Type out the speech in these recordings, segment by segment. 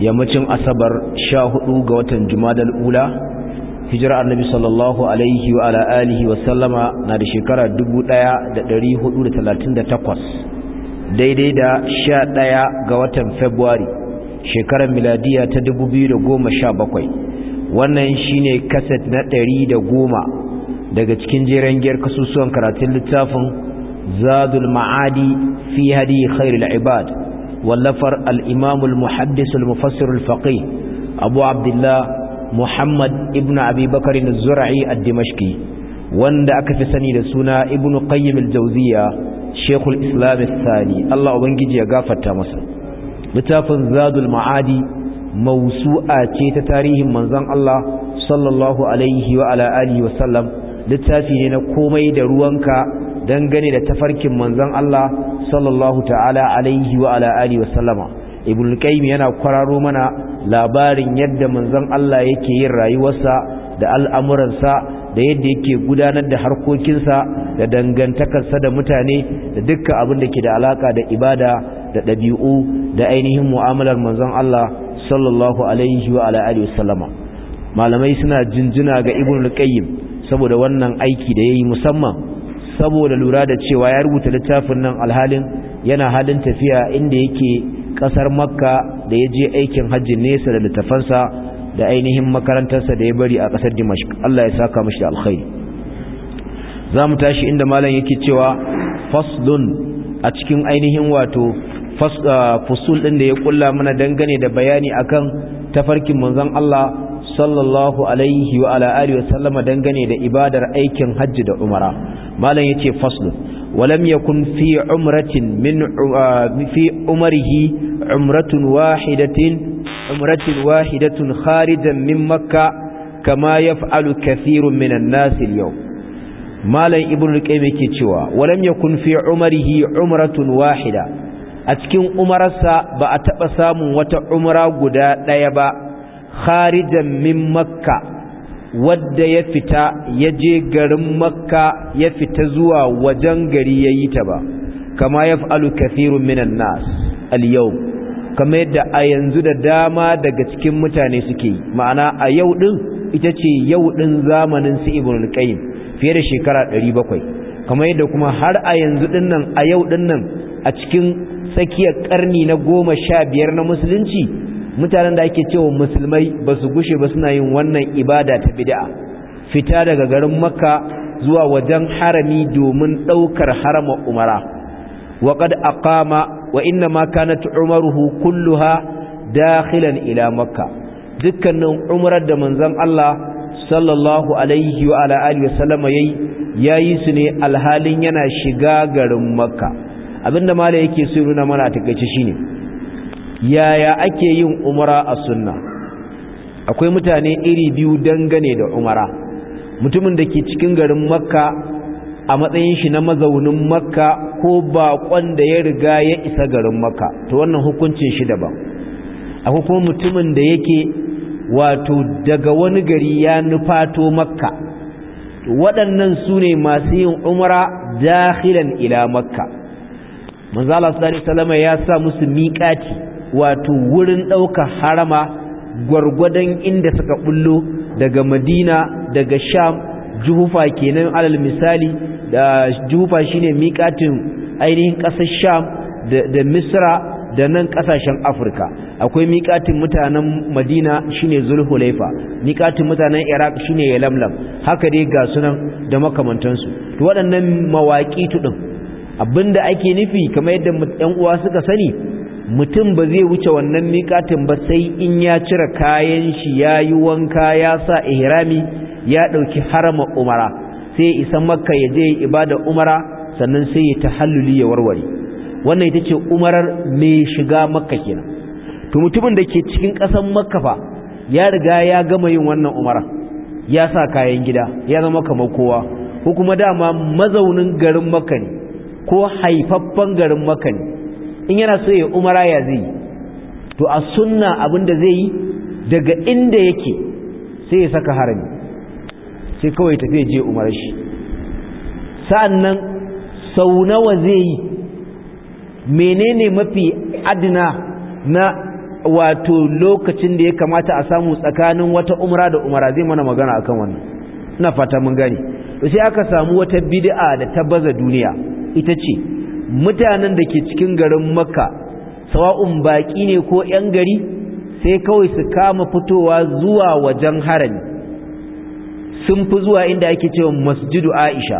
yammacin asabar sha hudu ga watan jumadal ula hijira annabi sallallahu alaihi wa ala alihi wa sallama na da shekara dubu da da da dari hudu talatin takwas, daidai da sha ɗaya ga watan februari shekarar miladiya ta dubu biyu da goma sha bakwai, wannan shine kaset na da goma daga cikin jeren giyar kasusuwan karatun littafin zadul ma'adi fi hadi khairul ibad wallafar al'imamul muhaddisul mufassirul faƙi abu abdullah muhammad ibn abubakar na zura'i a dimashki wanda aka fi sani da suna ibn qayyim jauziya jawziya shekul islamis sani allah ubangiji ya gafarta masa littafin zadul ma'adi mausu'a ce ta tarihin manzon allah sallallahu alaihi wa ala alihi wa littafi ne na komai da ruwanka dangane da tafarkin manzon Allah sallallahu ta'ala alaihi wa ala alihi wa sallama ibn qayyim yana kwararo mana labarin yadda manzon Allah yake yin rayuwarsa da al'amuransa da yadda yake gudanar da harkokinsa da dangantakarsa da mutane da duka abin da ke da alaka da ibada da ɗabi'u da ainihin mu'amalar manzon Allah sallallahu alaihi wa ala wa sallama malamai suna jinjina ga ibn qayyim saboda wannan aiki da yayi musamman saboda lura da cewa ya rubuta littafin nan alhalin yana halin tafiya inda yake kasar makka da ya je aikin hajji nesa da littafansa da ainihin makarantarsa da ya bari a kasar dimashq Allah ya saka mashi da alkhairi za mu tashi inda malam yake cewa faslun a cikin ainihin wato fasul ah, din da ya kulla mana dangane da bayani akan tafarkin manzon Allah sallallahu alaihi wa ala alihi wa dangane da ibadar aikin hajji da umara malam yace faslu walam yakun fi umratin min uh, fi umrihi umratun wahidatin wahidatun kharijan min makka kama yaf'alu kathirun minan nas al-yawm malam ibnu qayyim yake cewa walam yakun fi umrihi umratun wahida a cikin umararsa ba a taɓa samun wata umara guda ɗaya ba kharijan min makka wadda ya fita ya je garin makka ya fita zuwa wajen gari ya yi ta ba kama ya fa'alu kafirun minan nas al-yau kama yadda a yanzu da dama daga cikin mutane suke yi ma'ana a yau ɗin ita ce yau ɗin zamanin su ibn qayyim fiye da shekara ɗari bakwai. kama yadda kuma har a yanzu ɗin nan a yau ɗin nan a cikin tsakiyar ƙarni na goma sha biyar na musulunci mutanen da ake cewa musulmai ba su gushe ba suna yin wannan ibada ta bid'a fita daga garin makka zuwa wajen harami domin ɗaukar harama umara wa aqama wa inna ma kanat umaruhu kulluha dakhilan ila makka dukkanin umrar da manzon Allah sallallahu alaihi wa ala alihi wasallam yayi yayi su ne alhalin yana shiga garin makka abinda mala yake so nuna mana a shine yaya ake yin umara a sunna akwai mutane iri biyu dangane da umara mutumin da ke cikin garin makka a matsayin shi na mazaunin makka ko bakon da ya riga ya isa garin makka to wannan hukuncin shi daban akwai kuma mutumin da yake wato daga wani gari ya nufato makka waɗannan su ne masu yin umara dahilan ila makka manzala sallallahu alaihi wasallam ya sa musu miƙati wato wurin ɗauka harama gwargwadon inda suka bullo daga madina daga sham juhufa kenan alal misali da juhufa shine miƙatin ainihin ƙasar sham da misra da nan ƙasashen afirka akwai miƙatin mutanen madina shine zulhulaifa miƙatin mutanen iraq shine yalamlam haka dai ga sunan da makamantansu to waɗannan mawaƙi tuɗin, abinda ake nufi kamar yadda ɗan uwa suka sani mutum ba zai wuce wannan miƙatin ba sai in ya cire kayan shi ya yi wanka ya sa ihrami ya ɗauki harama umara sai isa makka ya je ya ibada umara sannan sai ya tahalluli ya warware wannan ita ce umarar mai shiga makka kenan to mutumin da ke cikin ƙasar makka fa ya riga ya gama yin wannan umara ya sa kayan gida ya zama kamar kowa ko kuma dama mazaunin garin makka ne ko haifaffen garin makka ne in yana so ya umara ya zai to a sunna da zai yi daga inda yake sai ya saka harami sai kawai tafi je umar shi sa'annan sau nawa zai yi menene mafi adina na wato lokacin da ya kamata a samu tsakanin wata umara da umara zai mana magana akan wannan ina fata mun gani. to sai aka samu wata bid'a da ta baza duniya ita ce mutanen da ke cikin garin makka sawa'un baƙi ne ko 'yan gari sai kawai su kama fitowa zuwa wajen harami sun fi zuwa inda ake cewa masjidu aisha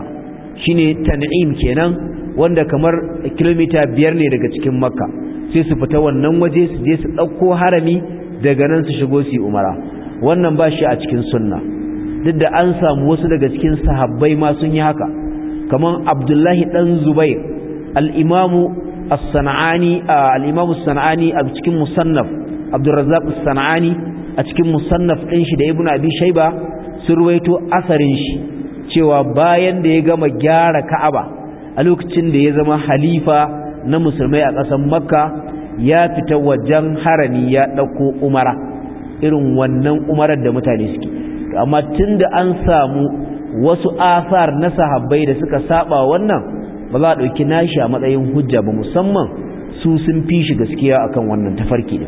shine tan'im kenan wanda kamar kilomita biyar ne daga cikin makka sai su fita wannan waje su je su ɗauko harami daga nan su shigo su yi umara wannan ba shi a cikin sunna duk da an samu wasu daga cikin sahabbai ma sun yi haka kamar abdullahi ɗan zubair al-imamu sanaani a cikin musannaf abdurrazzaq as-sana'ani a cikin musannaf din shi da ibnu abi shayba sun ruwaito asarin shi cewa bayan da ya gama gyara ka'aba a lokacin da ya zama halifa na musulmai a ƙasar makka ya fita wajen harami ya ɗauko umara irin wannan umarar da mutane suke amma tun da an samu wasu asar na sahabbai da suka saba wannan ba za a ɗauki nashi a matsayin hujja ba musamman su sun fi shi gaskiya akan wannan tafarki ne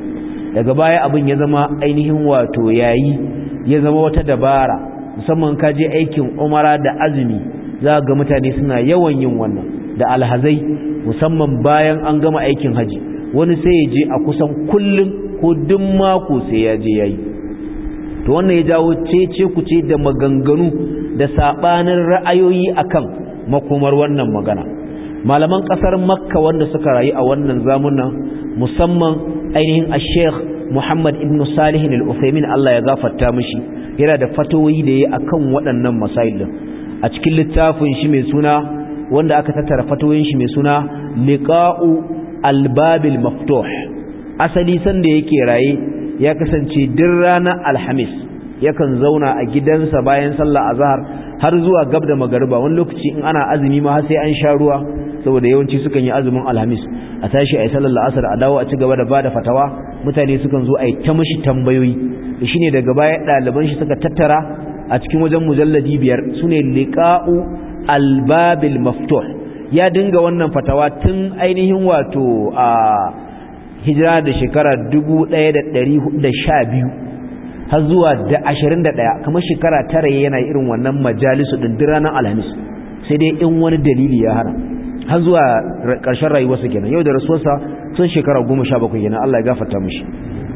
daga baya abin ya zama ainihin wato yayi ya zama wata dabara musamman ka je aikin umara da azumi za ga mutane suna yawan yin wannan da alhazai musamman bayan an gama aikin haji wani sai ya je a kusan kullum ko duk mako sai ya je yayi to wannan ya jawo ce-ce cece ce da maganganu da sabanin ra'ayoyi akan makomar wannan magana malaman kasar makka wanda suka rayu a wannan zamunan musamman ainihin a sheikh muhammad ibn salihin al-uthaymin Allah ya gafarta mashi yana da fatoyi da a kan waɗannan masailin. a cikin littafin shi mai suna wanda aka tattara fatawoyin shi mai suna liqa'u al-babil maftuh asali sanda yake raye ya kasance duk ranar alhamis yakan zauna a gidansa bayan sallah azhar har zuwa gab da magariba wani lokaci in ana azumi ma har sai an sha ruwa saboda yawanci sukan yi azumin alhamis a tashi a yi sallar la'asar a dawo a ci gaba da ba da fatawa mutane sukan zo ayi ta mashi tambayoyi shi ne daga baya ɗaliban shi suka tattara a cikin wajen mujalladi biyar su ne liƙa'u albabil maftuh ya dinga wannan fatawa tun ainihin wato a hijira da shekara 1412 har zuwa da ɗaya kamar shekara tara yana irin wannan majalisu ɗin ranar alhamis sai dai in wani dalili ya hana har zuwa ƙarshen rayuwarsa kenan yau da rasuwarsa sun shekara goma sha bakwai kenan Allah ya gafarta mishi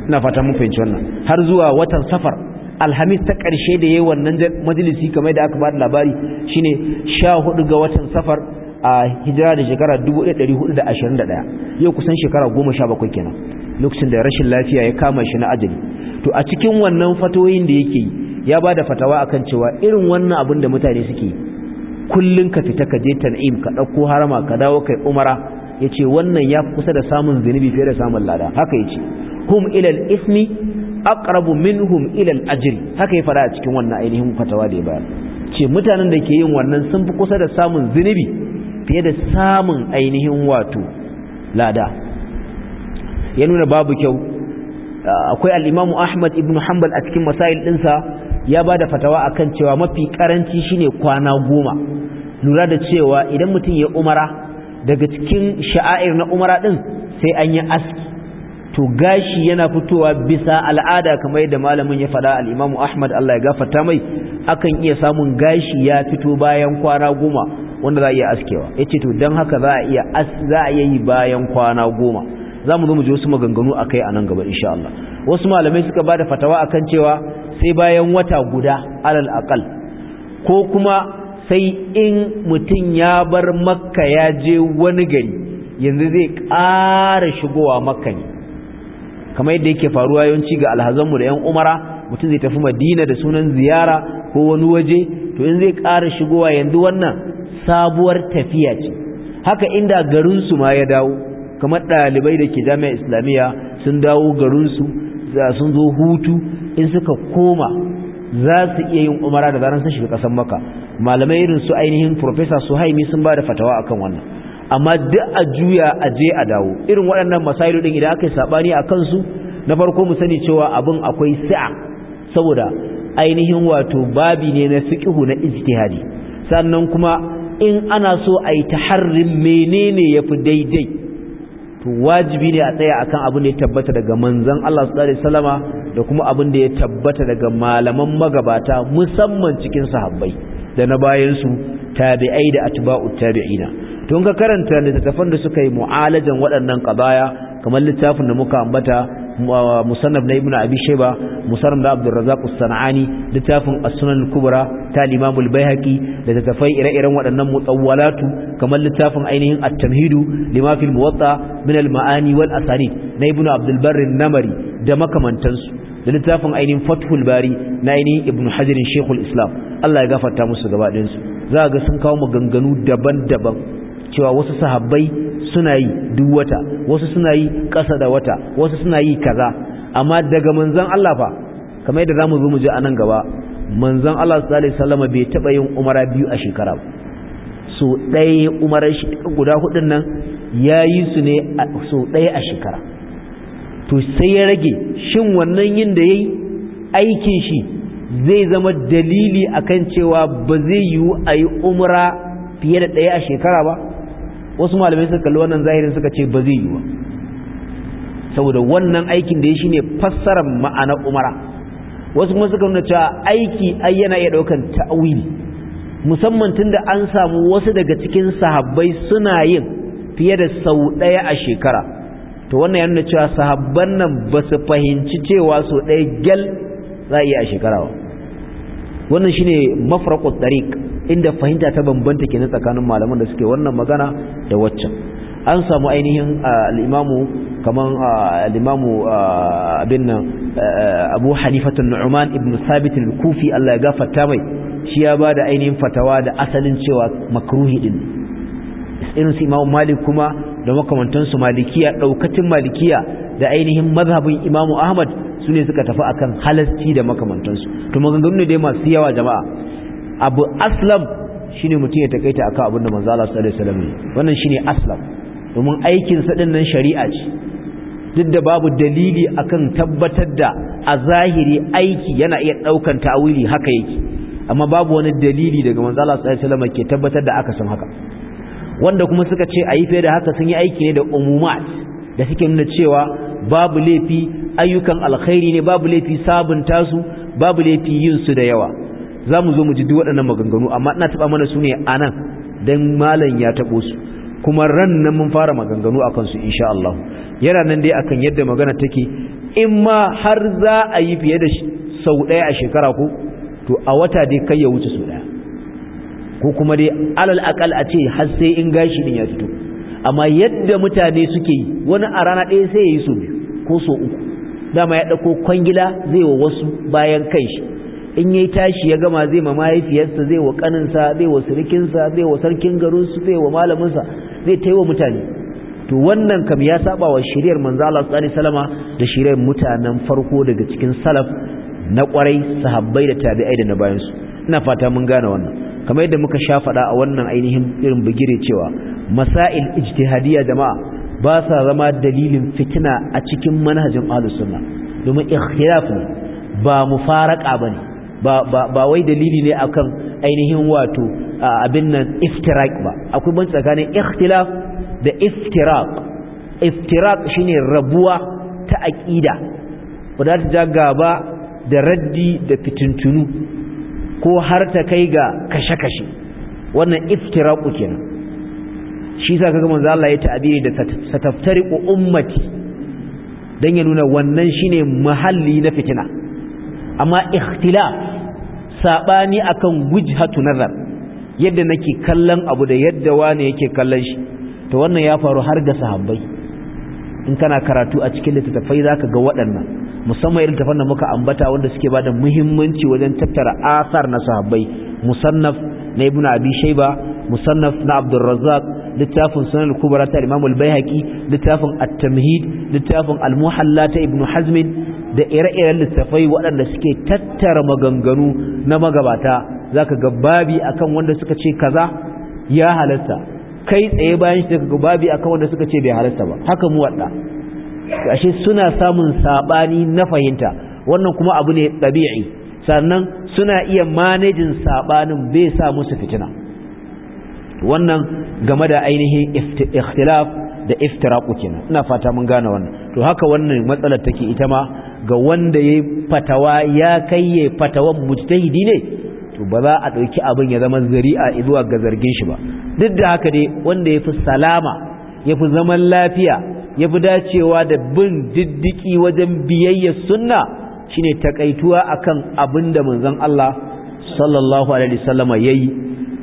ina fata mun fahimci wannan har zuwa watan safar alhamis ta ƙarshe da yayi wannan majalisi kamar da aka ba da labari shine sha hudu ga watan safar a hijira da shekara 1421 yau kusan shekara goma sha bakwai kenan lokacin da rashin lafiya ya kama shi na ajali to a cikin wannan fatoyin da yake yi ya bada da fatawa akan cewa irin wannan abin da mutane suke yi. Kullum ka fita ka je tan'im ka ɗauko harama ka dawo kai umara yace wannan ya kusa da samun zunubi fiye da samun lada haka yace hum ilal ismi aqrabu minhum ilal ajri haka ya fara a cikin wannan ainihin fatawa da ya bayar ce mutanen da ke yin wannan sun fi kusa da samun zunubi fiye da samun ainihin wato lada ya nuna babu kyau akwai al-Imam Ahmad ibn Hanbal a cikin masail ɗinsa ya ba da fatawa a kan cewa mafi karanci shine kwana goma lura da cewa idan mutum ya umara daga cikin sha'air na umara din sai an yi aski to gashi yana fitowa bisa al'ada kamar yadda malamin ya faɗa alimamu Ahmad Allah ya gafarta mai akan iya samun gashi ya fito bayan kwana goma wanda za a iya askewa Ya ce to dan haka za a iya za a iya yi bayan kwana goma za mu zo mu je wasu maganganu a kai a nan gaba insha Allah wasu malamai suka ba da fatawa kan cewa sai bayan wata guda alal aqal ko kuma sai in mutum ya bar makka ya je wani gari yanzu zai ƙara shigowa makka ne kamar yadda yake faruwa yawanci ga alhazanmu da 'yan umara mutum zai tafi madina da sunan ziyara ko wani waje to in zai ƙara shigowa yanzu wannan sabuwar tafiya ce haka inda garinsu ma ya dawo kamar ɗalibai da ke jami'a islamiyya sun dawo garinsu sun zo hutu in suka koma za su iya yin umara da zaran sun shiga ƙasar maka malamai irin su ainihin profesa su haimi sun ba da fatawa akan wannan amma duk a juya a je a dawo irin waɗannan masailu ɗin idan aka yi saɓani a kansu na farko mu sani cewa abin akwai sa'a saboda ainihin wato babi ne na fiqhu na ijtihadi sannan kuma in ana so a yi harin, menene yafi daidai to wajibi ne a tsaya akan abin da ya tabbata daga manzon Allah sallallahu alaihi Salama, da kuma abin da ya tabbata daga malaman magabata musamman cikin sahabbai da na bayan su tabi'ai da atba'u tabi'ina to ka karanta littattafan da suka yi mu'alajan waɗannan qadaya kamar littafin da muka ambata musannaf na ibnu abi shayba musannaf da abdur razzaq as-sanani littafin as-sunan al-kubra ta Limamul imam al-baihaqi da tafai ire-iren waɗannan mutawwalatu kamar littafin ainihin at-tamhidu lima fil muwatta min al-ma'ani wal asanid na ibnu abdul barr an-namari da makamantansu da littafin ainihin fathul bari na ainihin ibn hajarin shekul islam Allah ya gafarta musu gabaɗinsu za ga sun kawo maganganu daban-daban cewa wasu sahabbai suna yi duk wata wasu suna yi ƙasa da wata wasu suna yi kaza amma daga manzon Allah fa kamar yadda zamu zo mu je a nan gaba manzon Allah sallallahu alaihi wasallam bai taba yin umara biyu a shekara ba so ɗaya umarar shi guda hudun nan yayi su ne so ɗaya a shekara to sai ya rage shin wannan yin da yayi aikin shi zai zama dalili akan cewa ba zai yiwu a yi umara fiye da ɗaya a shekara ba wasu malamai suka kalli wannan zahirin suka ce ba zai yi ba saboda wannan aikin da ya ne fassarar ma'ana umara wasu kuma suka nuna cewa aiki ai yana iya daukan ta'awili musamman tunda an samu wasu daga cikin sahabbai suna yin fiye da sau ɗaya a shekara to wannan ya nuna cewa sahabban nan ba su fahimci cewa sau ɗaya gyal za a iya a shekara ba wannan shine mafraqut tariq inda fahimta ta bambanta kenan tsakanin malaman da suke wannan magana da waccan an samu ainihin al-imamu kaman al-imamu abin nan Abu Hanifa an-Nu'man ibn Thabit al-Kufi Allah ya gafarta mai shi ya bada ainihin fatawa da asalin cewa makruhi din irin su Imam Malik kuma da makamantansu malikiya daukatin malikiya da ainihin mazhabin imamu ahmad su ne suka tafi akan halasci da makamantansu to maganganu ne dai masu yawa jama'a abu aslam shine mutum ya takaita akan abin da manzo Allah sallallahu alaihi wasallam wannan shine aslam domin aikin sa nan shari'a ce duk da babu dalili akan tabbatar da a zahiri aiki yana iya ɗaukan ta'awili haka yake amma babu wani dalili daga manzo Allah sallallahu alaihi wasallam ke tabbatar da aka san haka wanda kuma suka ce a yi fiye da haka sun yi aiki ne da umumat da suke nuna cewa babu laifi ayyukan alkhairi ne babu laifi sabunta su babu laifi yin su da yawa za mu zo mu ji duk waɗannan maganganu amma ina taɓa mana su ne a nan don malam ya taɓo su kuma ran nan mun fara maganganu akan su insha Allah yana nan dai akan yadda magana take in ma har za a yi fiye da sau ɗaya a shekara ko to a wata dai kai ya wuce sau ɗaya ko kuma dai alal akal a ce har sai in gashi din ya fito amma yadda mutane suke yi wani a rana ɗaya sai ya yi su biyu ko so uku dama ya ɗauko kwangila zai wa wasu bayan kai shi in yi tashi ya gama zai ma mahaifiyarsa zai wa kaninsa zai wa sirikinsa zai wa sarkin garinsu zai wa malaminsa zai ta wa mutane to wannan kam ya saba wa shiriyar manzo Allah sallallahu da shiriyar mutanen farko daga cikin salaf na kwarai sahabbai da tabi'ai da na bayansu ina fata mun gane wannan kamar yadda muka sha faɗa a wannan ainihin irin bigire cewa masail ijtihadiyya jama'a ba sa zama dalilin fitina a cikin manhajin ahlus sunna domin ikhtilaf ne ba mufaraka bane ba ba wai dalili ne akan ainihin wato abin nan iftirak ba akwai ban tsakanin ikhtilaf da iftirak iftirak shine rabuwa ta aqida ga gaba da raddi da fitintunu ko har ta kai ga kashe-kashe wannan iftiraku kenan shi sa kaga manzo Allah ya ta'abiri da ku ummati dan ya nuna wannan shine mahalli na fitina amma ikhtilaf sabani akan wujhatu nazar yadda nake kallon abu da yadda wani yake kallon shi to wannan ya faru har ga sahabbai in kana karatu a cikin littattafai zaka ga waɗannan musamman irin tafan da muka ambata wanda suke ba da muhimmanci wajen tattara asar na sahabbai musannaf na ibn abi shayba musannaf na abdul razzaq littafin sunan kubra ta imam al-baihaqi littafin at-tamhid littafin al-muhalla ta ibn hazm da ire-iren littafai waɗanda suke tattara maganganu na magabata zaka ga babi akan wanda suka ce kaza ya halatta kai tsaye bayan shi daga babi akan wanda suka ce bai halatta ba haka mu wadda ashe suna samun sabani na fahimta wannan kuma abu ne ɗabi'i sannan suna iya manejin sabanin bai sa musu fitina wannan game da ainihin ikhtilaf da iftiraku kenan ina fata mun gane wannan to haka wannan matsalar take ita ma ga wanda yayi fatawa ya kai fatawan mujtahidi ne to ba za a ɗauki abin ya zama zari'a zuwa ga zargin shi ba duk da haka dai wanda yafi salama yafi zaman lafiya ya fi dacewa da bin diddiki wajen biyayya sunna shine takaituwa akan abin da manzon Allah sallallahu alaihi wasallama yayi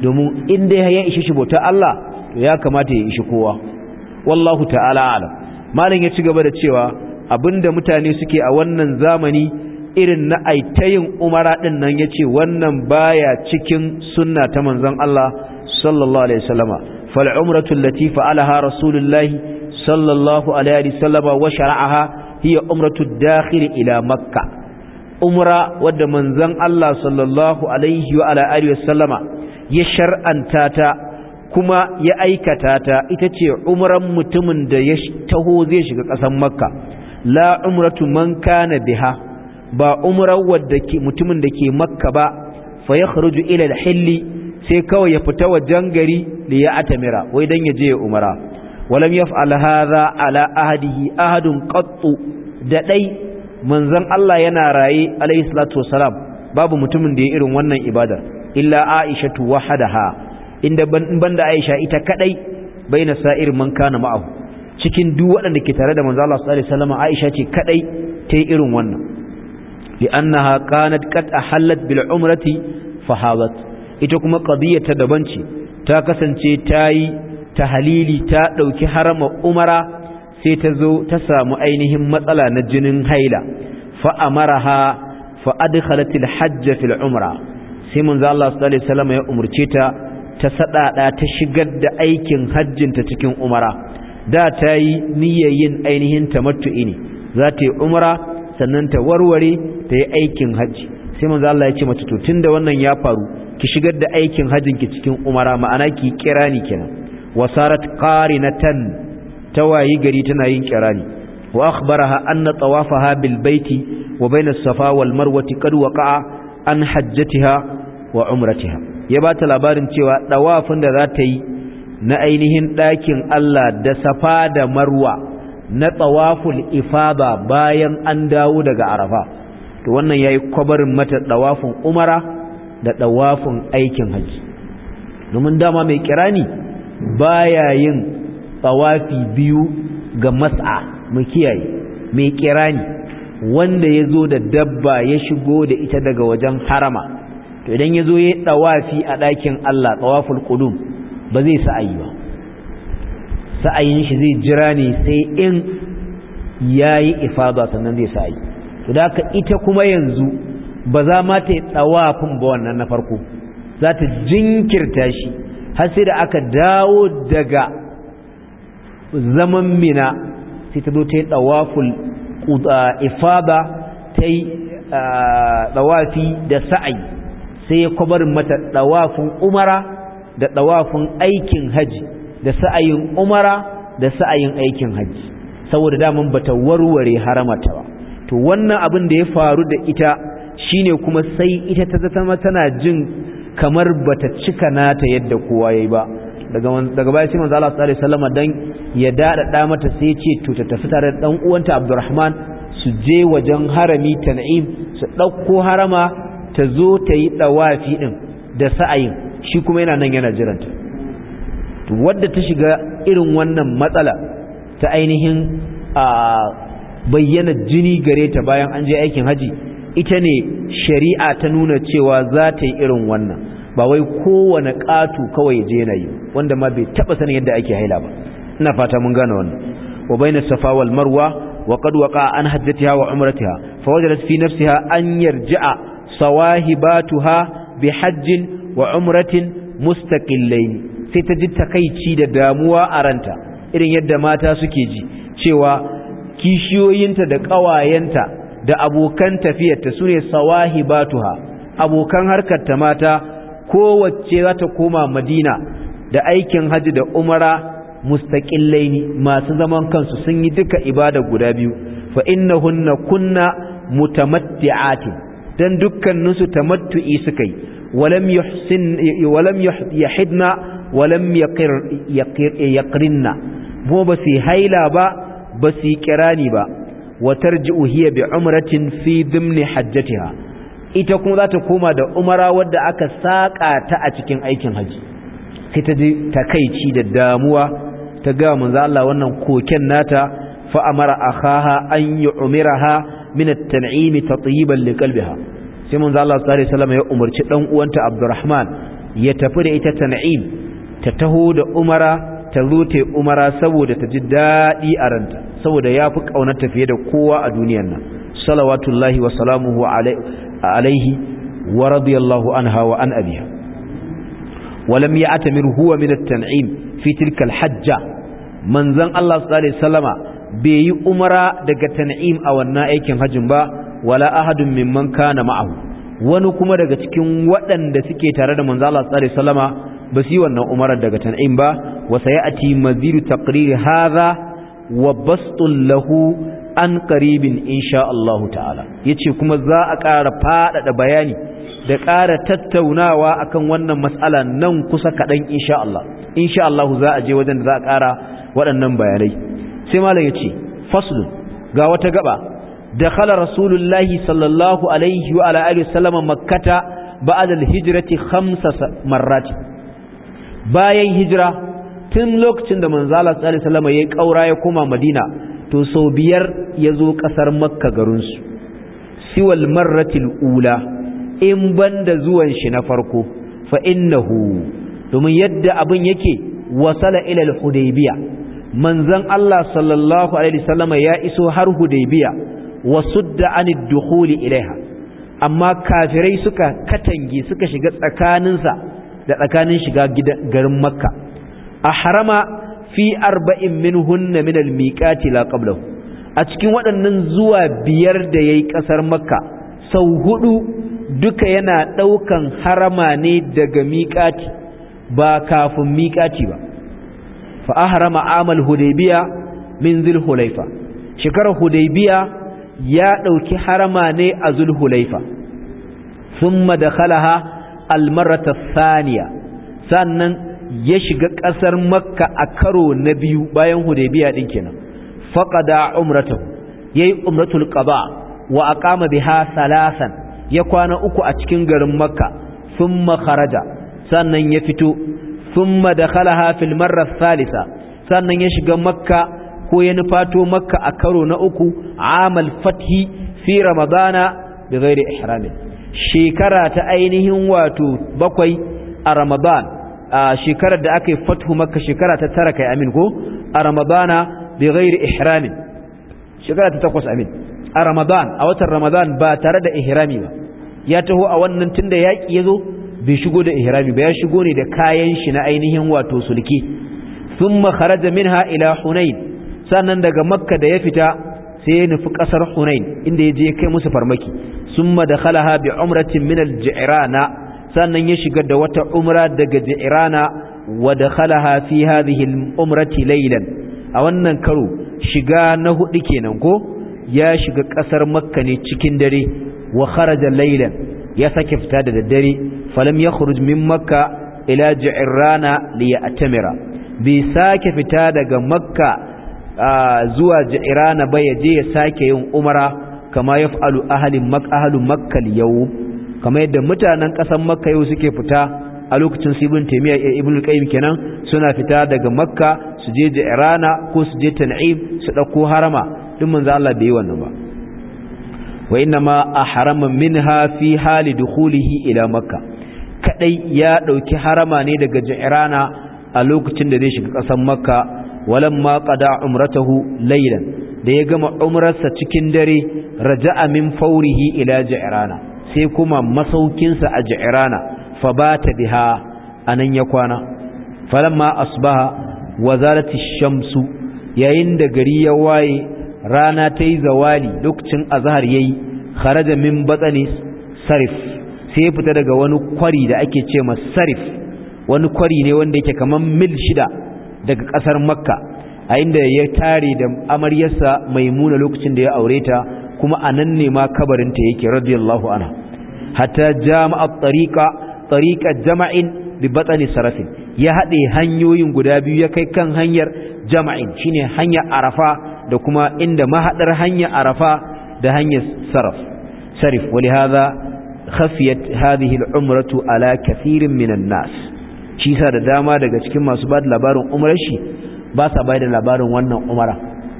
domin in dai ya ishi shi bauta Allah to ya kamata ya ishi kowa wallahu ta'ala alam malam ya ci gaba da cewa abinda mutane suke a wannan zamani irin na aitayin umara din nan yace wannan baya cikin sunna ta manzon Allah sallallahu alaihi wasallama fal umratu allati fa'alaha rasulullahi sallallahu alaihi sallama wa shara'aha hiya umratul dakhili ila makka umra wadda manzon Allah sallallahu alaihi wa sallama ya shar'anta ta kuma ya aikata ta ita ce umran mutumin da ya taho zai shiga ƙasar makka la umratu man kana biha ba umran wadda mutumin da ke makka ba fa yakhruju ila al-hilli sai kawai ya fita wajen gari da ya atamira wai dan ya je umra Walamyaf yaf'al hadha ala ahadihi ahadun qattu da dai manzon Allah yana raye alayhi salatu wasalam babu mutumin da ya irin wannan ibadar illa aishatu wahadaha inda da aisha ita kadai baina sa'ir man kana ma'ahu cikin duk waɗanda ke tare da manzo Allah sallallahu aisha ce kadai ta yi irin wannan li'annaha kanat qad ahallat bil umrati fahadat ita kuma qadiyya ta daban ce ta kasance ta yi tahalili ta ɗauki harama umara sai ta zo ta samu ainihin matsala na jinin haila fa'amaraha fa'adkhalatil hajja fil umra sai manzo Allah sallallahu alaihi wasallam ya umurce ta ta sadada ta shigar da aikin hajjinta cikin umara da ta yi niyyar yin ainihin tamattu'i ne za ta yi umara sannan ta warware ta yi aikin hajji sai manzo Allah ya ce mata to tunda wannan ya faru ki shigar da aikin ki cikin umara ma'ana ki ni kenan wasarat ta waye gari tana yin kirani wa akhbaraha anna tawafaha bil baiti wa bayna as marwati qad waqa'a an hajjatiha wa umratiha ya bata labarin cewa dawafin da za ta yi na ainihin ɗakin Allah da safa da marwa na tawaful Ifaba bayan an dawo daga arafa to wannan yayi kwabarin mata dawafin umara da dawafin aikin Hajji. domin dama mai kirani baya yin tsawafi biyu ga mas'a mu kiyaye mai kirani wanda ya zo da dabba ya shigo da ita daga wajen harama to idan ya zo ya tsawafi a ɗakin Allah tsawaful ƙudum ba zai sa'ayi ba sa'ayin shi zai jira ne sai in ya yi ifada sannan zai sa'ayi to da haka ita kuma yanzu ba za ma ta yi tsawafin ba wannan na farko za ta jinkirta shi har sai da aka dawo daga zaman mina sai ta zo ta yi ɗawaful ifada ta yi ɗawafi da sa'ai sai ya kwabar mata ɗawafin umara da ɗawafin aikin Hajji, da sa'ayin umara da sa'ayin aikin Hajji. saboda daman bata warware haramata ba to wannan abin da ya faru da ita shine kuma sai ita ta zama tana jin kamar ba ta cika nata yadda kowa ya yi ba daga baya sai manzala tsari salama dan ya daɗaɗa mata sai ce to ta tafi tare da ɗan'uwanta uwanta Abdurrahman su je wajen harami ta na'im su ɗauko harama ta zo ta yi ɗawafi ɗin da sa'ayin shi kuma yana nan yana jiranta wadda ta shiga irin wannan matsala ta ainihin a bayyana jini gare ta bayan an je aikin haji ita ne shari'a ta nuna cewa za ta yi irin wannan ba wai kowane ƙatu kawai je na yi wanda ma bai taɓa sanin yadda ake haila ba ina fata mun gane wannan wa bainas safa wal marwa wa qad waqa an hajjatiha wa umratiha fa wajadat fi nafsiha an yarja'a sawahibatuha bi hajjin wa umratin mustaqillain sai ta ji takaici da damuwa a ranta irin yadda mata suke ji cewa kishiyoyinta da ƙawayenta da abokan tafiyarta sune sawahibatuha abokan harkar ta mata kowace za ta koma madina da aikin Hajji da umara ne masu zaman kansu sun yi duka ibada guda biyu fa hunna kunna mutamatti'atin dan dukkaninsu tamattu'i suka yi walam yuhsin walam yahidna walam yaqir yaqrinna mu ba su haila ba ba su kirani ba wa tarji'u hiya bi umratin fi dhimni hajjatiha ita kuma za ta koma da umara wadda aka saƙa ta a cikin aikin hajji sai ta ji takaici da damuwa ta ga manzo Allah wannan koken nata fa amara akhaha an yu'miraha min at-tan'im tatyiban liqalbiha sai manzo Allah sallallahu alaihi wasallam ya umarci dan uwanta Abdurrahman ya tafi da ita tan'im ta taho da umara ta rute umara saboda ta ji daɗi a ranta saboda ya fi ta fiye da kowa a duniyar nan salawatullahi wa salamuhu alaihi alaihi wa radiyallahu anha wa an abiha ya atamir huwa min at-tan'im fi tilka hajja manzan Allah sallallahu alaihi wasallama bai yi umara daga tan'im a wannan aikin hajjin ba wala ahadun mimman na ma'ahu wani kuma daga cikin waɗanda suke tare da manzon Allah sallallahu alaihi wasallama ba su yi wannan umarar daga tan'im ba wa sayati mazidu taqrir hadha wa bastul lahu an karibin insha Allah ta'ala Ya ce kuma za a ƙara faɗaɗa bayani da ƙara tattaunawa akan wannan matsala nan kusa kaɗan insha Allah insha Allah za a je wajen da za a ƙara waɗannan bayanai sai malam ce fasl ga wata gaba da khala rasulullahi sallallahu alaihi wa ala alihi sallama. makkata ba'da al-hijrati khamsa marrat bayan hijira tun lokacin da manzala sallallahu alaihi wasallama yayi kaura ya koma madina to sau biyar ya zo ƙasar makka garinsu siwal marratil ula in banda zuwan shi na farko fa innahu domin yadda abin yake wasala ilal hudaybiya manzon Allah sallallahu alaihi wasallama ya iso har hudaybiya wasudda an dukhuli ilaiha amma kafirai suka katange suka shiga tsakaninsa da tsakanin shiga garin makka a harama fi arba'in minhunna min al-miqati la qablahu a cikin waɗannan zuwa biyar da yayi ƙasar makka sau hudu duka yana ɗaukan harama ne daga miƙati ba kafin miƙati ba fa ahrama amal hudaybiya min zil hulaifa shekarar hudaybiya ya ɗauki harama ne a zul hulaifa thumma dakhalaha al marrata thaniya sannan ya shiga ƙasar makka a karo na biyu bayan hudaybiya din kenan faqada umratahu yayi umratul qada wa aqama biha salasan ya kwana uku a cikin garin makka thumma kharaja sannan ya fito thumma dakhalaha fil marra thalitha sannan ya shiga makka ko ya nufato makka a karo na uku amal fathi fi ramadana bi ghairi ihramin shekara ta ainihin wato bakwai a Ramadana. a shekarar da aka yi fathu makka shekara ta tara kai amin ko a ramadana bi gairi ihramin shekara ta takwas amin a ramadan a watan ramadan ba tare da ihrami ba ya taho a wannan tunda yaki zo bai shigo da ihrami ba ya shigo ne da kayan shi na ainihin wato sulki thumma kharaja minha ila hunain sannan daga makka da ya fita sai ya nufi ƙasar hunain inda ya je kai musu farmaki thumma dakhalaha bi umratin min al-ji'rana sannan ya shiga da wata umra daga jirana wa dakhalaha fi hadhihi al-umrati laylan a wannan karo shiga na hudu kenan ko ya shiga kasar makka ne cikin dare wa kharaja laylan ya sake fita da daddare falam yakhruj min makka ila jirana li ya'tamira bi sake fita daga makka zuwa jirana ba ya je ya sake yin umra kama yaf'alu ahli makka ahli makka al-yawm kamar yadda mutanen ƙasar makka yau suke fita a lokacin sibin ibn a ibn qayyim kenan suna fita daga makka su je irana ko su je tan'im su dauko harama duk manzo Allah bai wannan ba wa inna ma ahrama minha fi hali dukhulihi ila makka kadai ya dauki harama ne daga jirana a lokacin da zai shiga kasan makka walamma qada umratahu laylan da ya gama umrarsa cikin dare raja'a min fawrihi ila jirana sai kuma masaukinsa a ji'irana fa ba ta biha a nan ya kwana falamma asbaha wa zalati shamsu yayin da gari ya waye rana ta yi zawali lokacin azhar yayi kharaja min batsani sarif sai ya fita daga wani kwari da ake ce ma sarif wani kwari ne wanda yake kaman mil shida daga kasar makka a inda ya tare da amaryarsa maimuna lokacin da ya aure ta kuma anan ne ma kabarinta yake radiyallahu ana. hatta jama'a tariqa tariqa jama'in bi batni sarafin ya haɗe hanyoyin guda biyu ya kai kan hanyar jama'in shine hanyar arafa da kuma inda mahaɗar hanyar arafa da hanyar saraf sarif walihada khafiyat hadhihi al-umratu ala kathirin minan nas shi sa da dama daga cikin masu ba da labarin umarar shi ba sa bayar da labarin wannan umara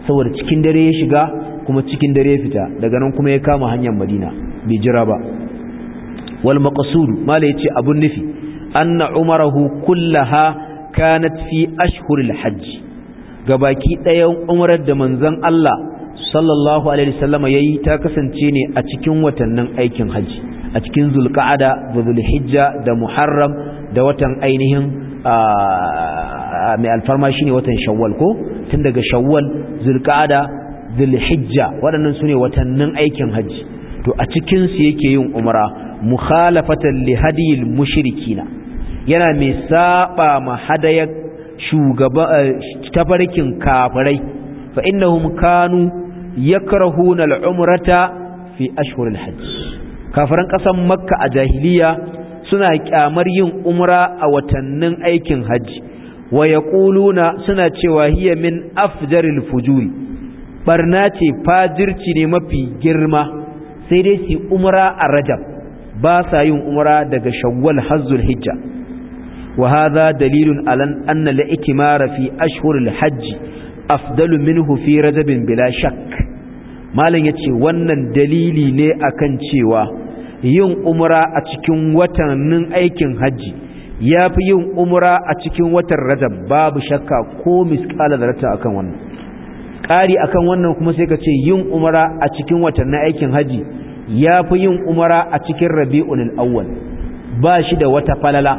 saboda cikin dare ya shiga kuma cikin dare fita daga nan kuma ya kama hanyar madina bai jira ba wal maqsud mala yace abun nufi anna umarahu kullaha kanat fi ashhuril hajj gabaki ɗayan umrar da manzon Allah sallallahu alaihi wasallam yayi ta kasance ne a cikin watannin aikin haji a cikin zulqa'ada da zulhijja da muharram da watan ainihin mai alfarma shine watan shawwal ko tun daga shawwal zulqa'ada dhulhijja waɗannan sune watannin aikin hajji to a cikin su yake yin umra mukhalafatan li hadiyil mushrikina yana mai saba ma hadaya shugaba eh, tafarkin kafirai fa innahum kanu yakrahuna al-umrata fi ashhuril hajj kafiran kasan makka a jahiliya suna kyamar yin umra a watannin aikin hajji wa yaquluna suna cewa hiya min afjaril fujuri barna ce fajirci ne mafi girma sai dai su umra a rajab ba sa yin umra daga shawwal hazzul hijja wa hadha dalilun alan anna la ikmara fi ashhuril hajj afdalu minhu fi rajabin bila shakk malam yace wannan dalili ne akan cewa yin umra a cikin watannin aikin hajji yafi yin umra a cikin watan rajab babu shakka ko misqala zarata akan wannan ƙari akan wannan kuma sai ka ce yin umara a cikin watannin aikin haji ya fi yin umara a cikin rabi'ul awwal ba shi da wata falala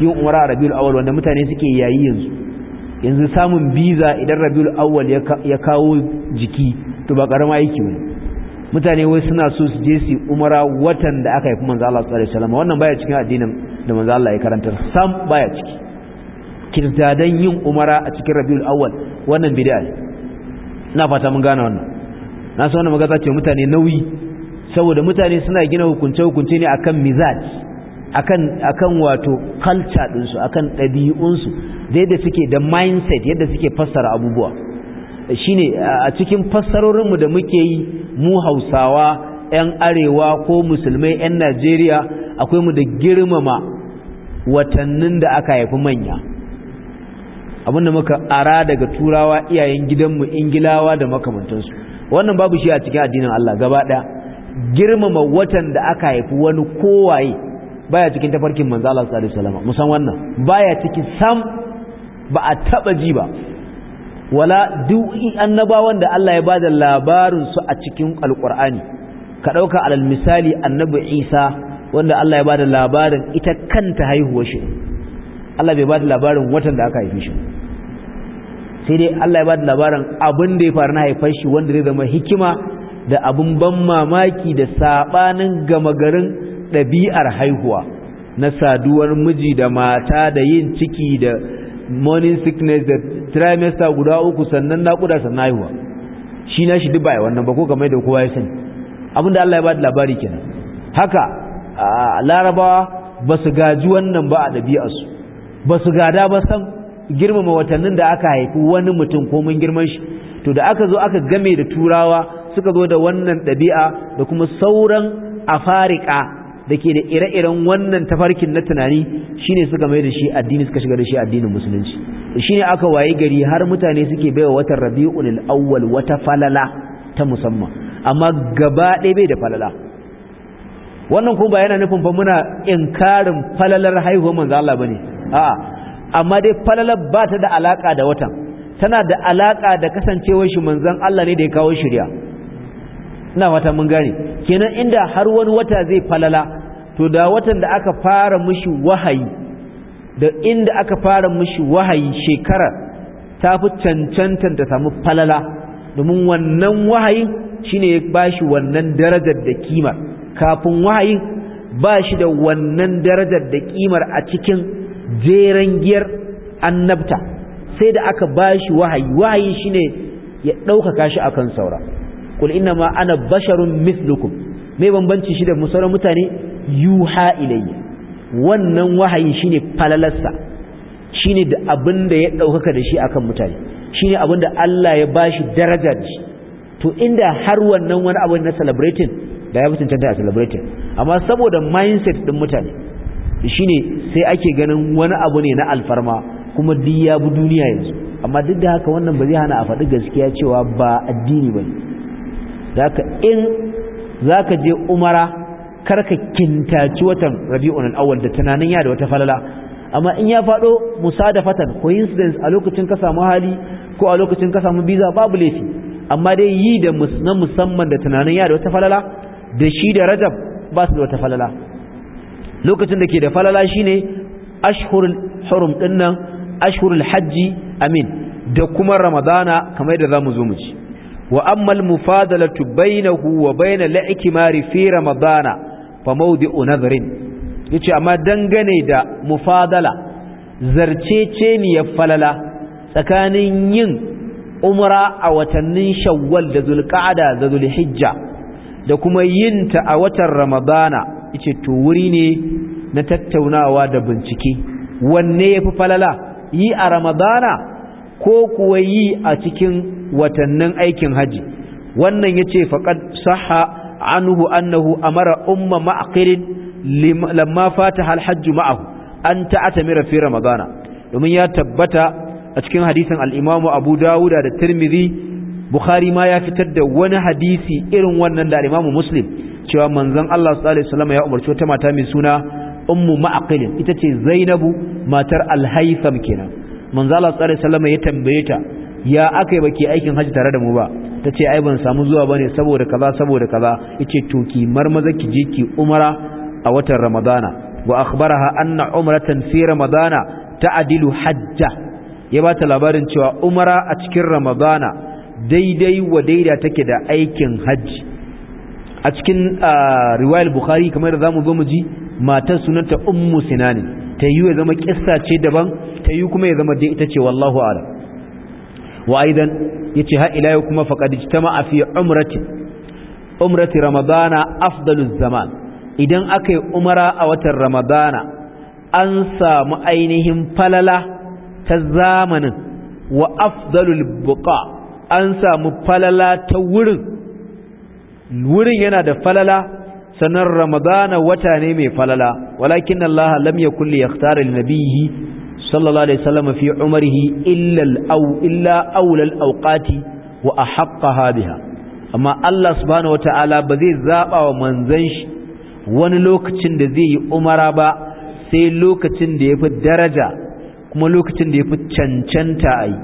yin umara a rabi'ul awwal wanda mutane suke yayi yanzu yanzu samun biza idan rabi'ul awwal ya kawo jiki to ba karama aiki ne mutane wai suna so su je su umara watan da aka haifi manzo Allah sallallahu alaihi wasallam wannan baya cikin addinin da manzo Allah ya karantar sam baya ciki kirtadan yin umara a cikin rabi'ul awwal wannan bid'a ne na fata mun gane wannan na san wannan magana ce mutane nauyi saboda mutane suna gina hukunce hukunce ne akan mizaj akan akan wato culture din su akan ɗabi'un su da yadda suke da mindset yadda suke fassara abubuwa shine a cikin fassarorin mu da muke yi mu Hausawa ƴan arewa ko musulmai ƴan Najeriya akwai mu da girmama watannin da aka haifi manya da muka ara daga turawa iyayen gidanmu ingilawa da makamantansu wannan babu shi a cikin addinin Allah gaba ɗaya girmama watan da aka haifi wani kowaye baya cikin tafarkin manzo Allah sallallahu alaihi wasallam musan wannan baya cikin sam ba a taba ji ba wala duk annabawan da Allah ya bada labarin su a cikin alqur'ani ka dauka alal misali annabi Isa wanda Allah ya bada labarin ita kanta haihuwar shi Allah bai bada labarin watan da aka haife shi sai dai Allah ya ba da labarin abin da ya faru na haifar shi wanda zai zama hikima da abin ban mamaki da sabanin gama garin ɗabi'ar haihuwa na saduwar miji da mata da yin ciki da morning sickness da trimester guda uku sannan naƙuda sannan haihuwa shi na shi duk wannan ba ko kamar da kowa ya sani abin da Allah ya ba da labari kenan haka larabawa ba su gaji wannan ba a ɗabi'arsu ba su gada ba san girmama watannin da aka haifi wani mutum ko mun girman shi to da aka zo aka game da turawa suka zo da wannan ɗabi'a da kuma sauran afarika da ke da ire-iren wannan tafarkin na tunani shine suka mai da shi addini suka shiga da shi addinin musulunci shine aka waye gari har mutane suke baiwa watan rabi'ul awwal wata falala ta musamman amma gaba ɗaya bai da falala wannan kuma ba yana nufin ba muna inkarin falalar haihuwar manzo Allah bane a'a amma dai falalar ba ta da alaƙa da watan tana da alaƙa da kasancewar shi manzon Allah ne da ya kawo shirya ina wata mun gane kenan inda har wani wata zai falala to da watan da aka fara mushi wahayi da inda aka fara mushi wahayi shekarar ta fi cancantan ta samu falala domin wannan wahayin shine ya ba shi wannan darajar da kimar kafin wahayin ba shi da wannan darajar da kimar a cikin jeren giyar annabta sai da aka bashi wahayi wahayi shine ya ɗaukaka shi akan saura qul inna ma ana basharun mithlukum me bambanci shi da sauran mutane yuha ilayya wannan wahayi shine falalarsa shine da abin da ya ɗaukaka da shi akan mutane shine abin da Allah ya bashi daraja da shi to inda har wannan wani abu na celebrating da ya mutunta a celebrating amma saboda mindset ɗin mutane shine sai ake ganin wani abu ne na alfarma kuma duk ya bi duniya yanzu amma duk da haka wannan ba zai hana a faɗi gaskiya cewa ba addini ba zaka in zaka je umara karka kintaci watan rabi'un al-awwal da tunanin ya da wata falala amma in ya faɗo musadafatan coincidence a lokacin ka samu hali ko a lokacin ka samu biza babu laifi amma dai yi da na musamman da tunanin ya da wata falala da shi da rajab ba su da wata falala lokacin da ke da falala shine ashhurul hurum dinnan ashhurul hajji amin da kuma ramadana kamar da zamu zo mu ci wa ammal mufadalatu bainahu wa baina la'ikmari fi ramadana fa mawdi'u nadhrin yace amma dangane da mufadala zarceceniyar falala tsakanin yin umra a watannin shawwal da zulqa'ada da zulhijja da kuma yinta a watan ramadana yace to wuri ne na tattaunawa da bincike wanne yafi falala yi a ramadana ko kuwa yi a cikin watannin aikin haji wannan yace faqad sahha anhu annahu amara umma ma'qirin lamma fataha al ma'ahu an ta'tamira fi ramadana domin ya tabbata a cikin hadisin al'imamu abu dawuda da tirmidhi bukhari ma ya fitar da wani hadisi irin wannan da al'imamu muslim cewa manzon Allah sallallahu alaihi wasallam ya umarci wata mata mai suna ummu ma'aqil ita ce Zainabu matar Al-Haytham kenan manzon Allah sallallahu alaihi wasallam ya tambaye ta ya akai baki aikin haji tare da mu ba tace ai ban samu zuwa bane saboda kaza saboda kaza yace to ki marmaza ki je ki umara a watan Ramadana wa akhbaraha anna umratan fi Ramadana ta'dilu hajja ya ba ta labarin cewa umara a cikin Ramadana daidai wa daida take da aikin haji a cikin riwayar bukhari kamar da za mu zo mu ji matar sunanta ummu sinani ta yi zama kissa ce daban ta yi kuma ya zama dai ita ce wallahu a'lam wa aidan yace ha ila kuma faqad ijtama'a fi umrati umrati ramadana afdaluz zaman idan aka yi umara a watan ramadana an samu ainihin falala ta zamanin wa afdalul buqa an samu falala ta wurin wurin yana da falala sannan ramadana wata ne mai falala walakin Allah lam yakul li yakhtar li nabiyhi sallallahu alaihi wasallam fi umrihi illa al illa awla al awqati wa ahaqqaha biha amma Allah subhanahu wataala ba zai zaba wa manzon shi wani lokacin da zai yi umara ba sai lokacin da ya fi daraja kuma lokacin da ya fi cancanta a yi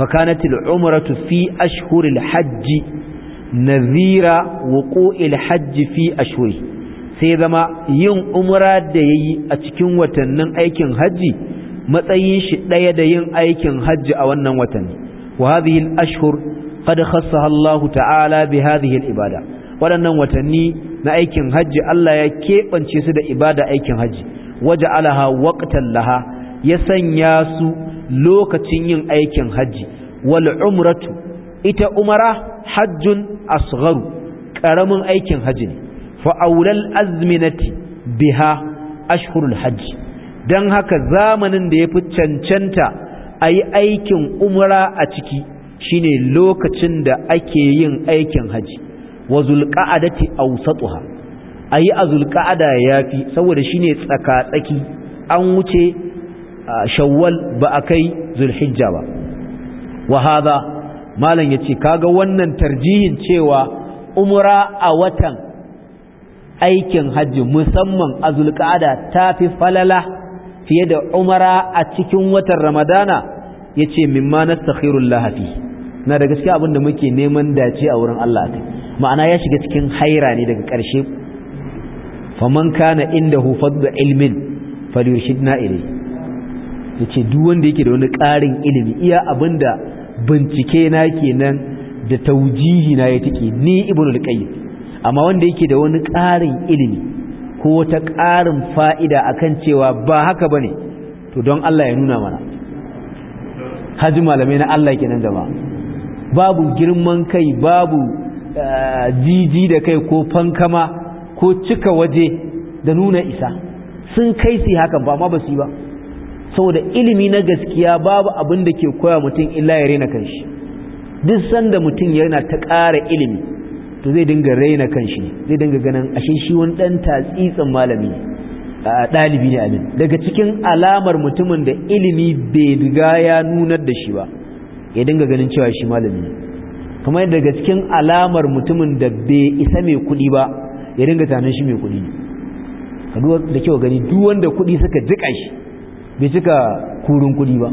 fakanatil umratu fi ashhuril hajji nazira wuqu'il hajji fi ashuri sai zama yin umra da yayi a cikin watannin aikin hajji matsayin shi ɗaya da yin aikin hajji a wannan watanni wa hadhihi al-ashhur qad khassaha Allah ta'ala bi hadhihi al-ibada waɗannan watanni na aikin hajji Allah ya keɓance su da ibada aikin haji waja'alaha waqtan laha ya sanya su lokacin yin aikin hajji wal umratu ita umara hajjun asgharu karamin aikin hajji ne fa aulal azminati biha ashhurul hajji dan haka zamanin da ya fi cancanta ayi aikin umara a ciki shine lokacin da ake yin aikin hajji wa zulqa'adati awsatuha ayi a yafi saboda shine tsakatsaki an wuce shawwal ba a kai zulhijja ba wa hadha malam ya ce kaga wannan tarjihin cewa umura a watan aikin hajji musamman a zulƙada ta fi falala fiye da umara a cikin watan ramadana ya ce mimma na tsakhirun lahafi na da gaske abinda muke neman dace a wurin Allah kai ma'ana ya shiga cikin haira ne daga ƙarshe faman kana inda hufar da ilmin falyoshid na ya ce duk wanda yake da wani ƙarin ilimi iya abinda bincike na kenan da taujihi na ya take ni ibnu al-qayyim amma wanda yake da wani ƙarin ilimi ko ta ƙarin fa'ida akan cewa ba haka bane to don Allah ya nuna mana haji malamai na Allah kenan da ba babu girman kai babu eh, jiji da kai ko fankama ko cika waje da nuna isa sun kai su hakan ba amma ba su yi ba saboda ilimi na gaskiya babu abin da ke koya mutum illa ya raina kanshi duk sanda mutum yana ta ƙara ilimi to zai dinga raina kanshi zai dinga ganin ashe shi wani ɗan tatsitsin malami ɗalibi ne abin daga cikin alamar mutumin da ilimi bai riga ya nunar da shi ba ya dinga ganin cewa shi malami ne kuma daga cikin alamar mutumin da bai isa mai kuɗi ba ya dinga tanin shi mai kuɗi ne da kyau gani duk wanda kuɗi suka jiƙa shi bai cika kurin kudi ba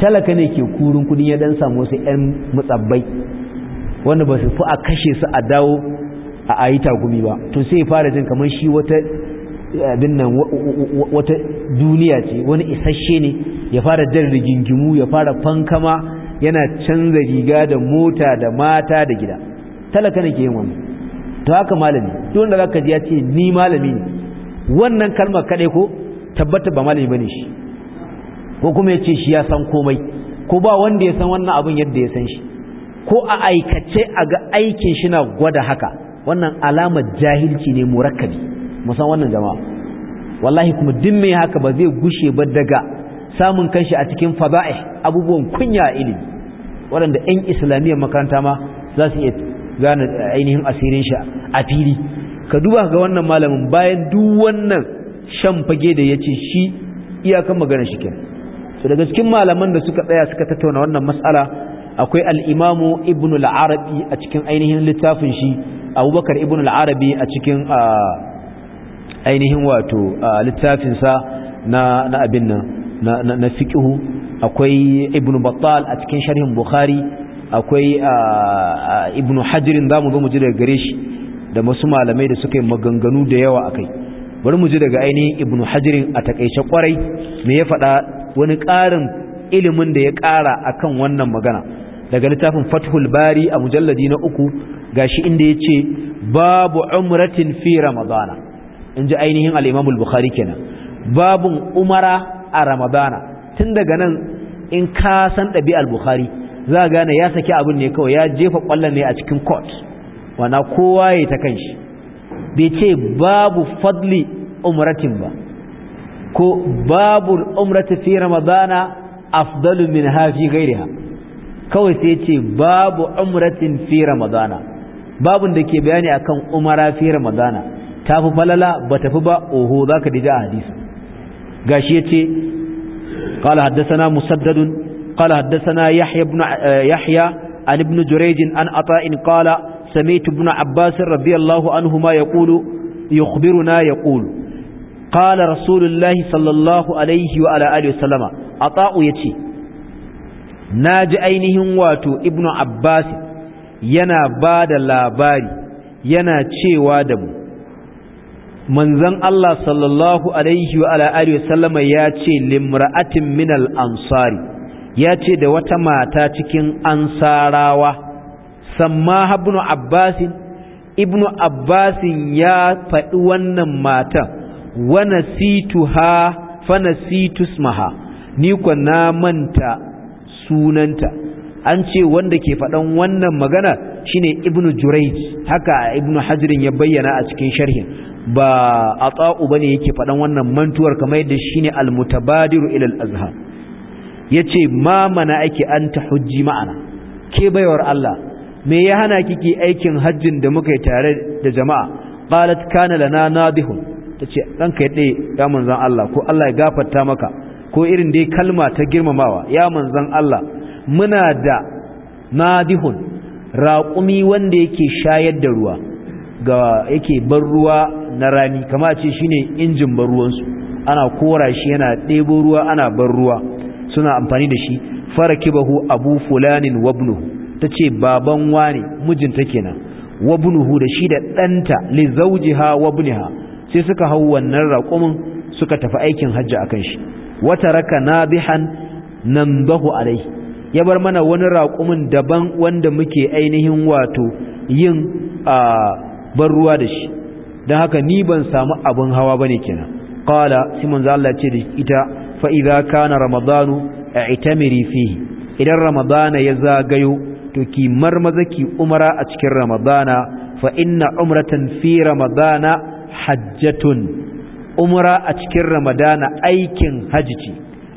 talaka ne ke kurin kudi ya dan samu wasu 'yan matsabbai, wanda ba su fi a kashe su a dawo a ayi takumi ba to sai fara jin kamar shi wata abin nan wata duniya ce wani isasshe ne ya fara jan rigingimu ya fara fankama yana canza riga da mota da mata da gida talaka ne ke yin wannan to haka malami duk wanda zaka ji ya ce ni malami ne wannan kalmar kadai ko tabbata ba malami bane shi ko kuma yace shi ya san komai ko ba wanda ya san wannan abun yadda ya san shi ko a aikace a ga aikin shi na gwada haka wannan alamar jahilci ne murakkabi musan wannan jama'a wallahi kuma duk mai haka ba zai gushe ba daga samun kanshi a cikin fadai abubuwan kunya ilimi waɗanda 'yan islamiyyar makaranta ma za su iya gane ainihin asirin shi a fili ka duba ga wannan malamin bayan duk wannan shan fage da ya ce shi iyakan magana shi kenan so daga cikin malaman da suka tsaya suka tattauna wannan mas'ala akwai al'imamu imamu ibnu al-arabi a cikin ainihin littafin shi abubakar Ibn al-arabi a cikin ainihin wato littafin sa na abin nan na na akwai Ibn battal a cikin sharhin bukhari akwai Ibn ibnu hajrin mu zo mu ji daga gare shi da masu malamai da suka yi maganganu da yawa akai bari mu ji daga ainihin Ibn hajirin a takaice kwarai me ya faɗa wani ƙarin ilimin da ya ƙara a kan wannan magana daga littafin fathul bari a mujalladi na uku gashi inda ya ce babu umratin fi ramadana in ji ainihin al'imamul bukhari kenan babun umara a ramadana tun daga nan in ka san al bukhari za a gane ya saki abin ne kawai ya jefa ƙwallon ne a cikin court wana kowa ya ta kan shi bai ce babu fadli umratin ba ko babu umrati fi ramadana afdalu min hafi gairiha kawai sai ce babu umratin fi ramadana babun da ke bayani akan umara fi ramadana ta fi falala ba tafi ba oho za ka dija a hadisi gashi ya ce قال حدثنا مسدد قال حدثنا يحيى بن يحيى عن ابن جريج عن عطاء قال سميت ابن عباس رضي الله عنهما يقول يخبرنا يقول قال رسول الله صلى الله عليه وعلى آله وسلم أطاء يتي ناج أينهم واتو ابن عباس ينا باد لاباري ينا تشي وادم منذن الله صلى الله عليه وعلى آله وسلم ياتي لامرأة من الأنصار ياتي دوتما تاتكين أنصاراوه samma ibnu abbasin ya faɗi wannan matan wa nasituha fa nasitu ni na manta sunanta an ce wanda ke faɗan wannan magana shine ibnu jurayj haka ibnu Hajarin ya bayyana a cikin sharhin ba a tsa'u bane yake faɗan wannan mantuwar kamar yadda shine al-mutabadiru ila al-azhar yace ma mana ake anta hujji ma'ana ke baiwar Allah me ya hana kike aikin hajjin da muka yi tare da jama'a qalat kana lana nadihun tace ranka yade ya manzon Allah ko Allah ya gafarta maka ko irin dai kalma ta girmamawa ya manzon Allah muna da nadihun raƙumi wanda yake shayar da ruwa ga yake bar ruwa na rani kama ce shine injin bar ruwansu ana kora shi yana ɗebo ruwa ana bar ruwa suna amfani da shi farakibahu abu fulanin wabnuhu ta ce baban wane mijinta kenan wa bunuhu da shi da ɗanta li zawjiha wa sai suka hau wannan raƙumin suka tafi aikin hajji akan shi wa taraka nabihan bahu alai ya bar mana wani raƙumin daban wanda muke ainihin wato yin a ban ruwa da shi don haka ni ban samu abin hawa bane kenan qala simon zalla ce da ita fa idza kana ramadanu a itamiri fihi idan ramadana ya zagayo to ki marmaza ki umara a cikin ramadana fa inna umratan fi ramadana hajjatun Umra a cikin ramadana aikin haji ce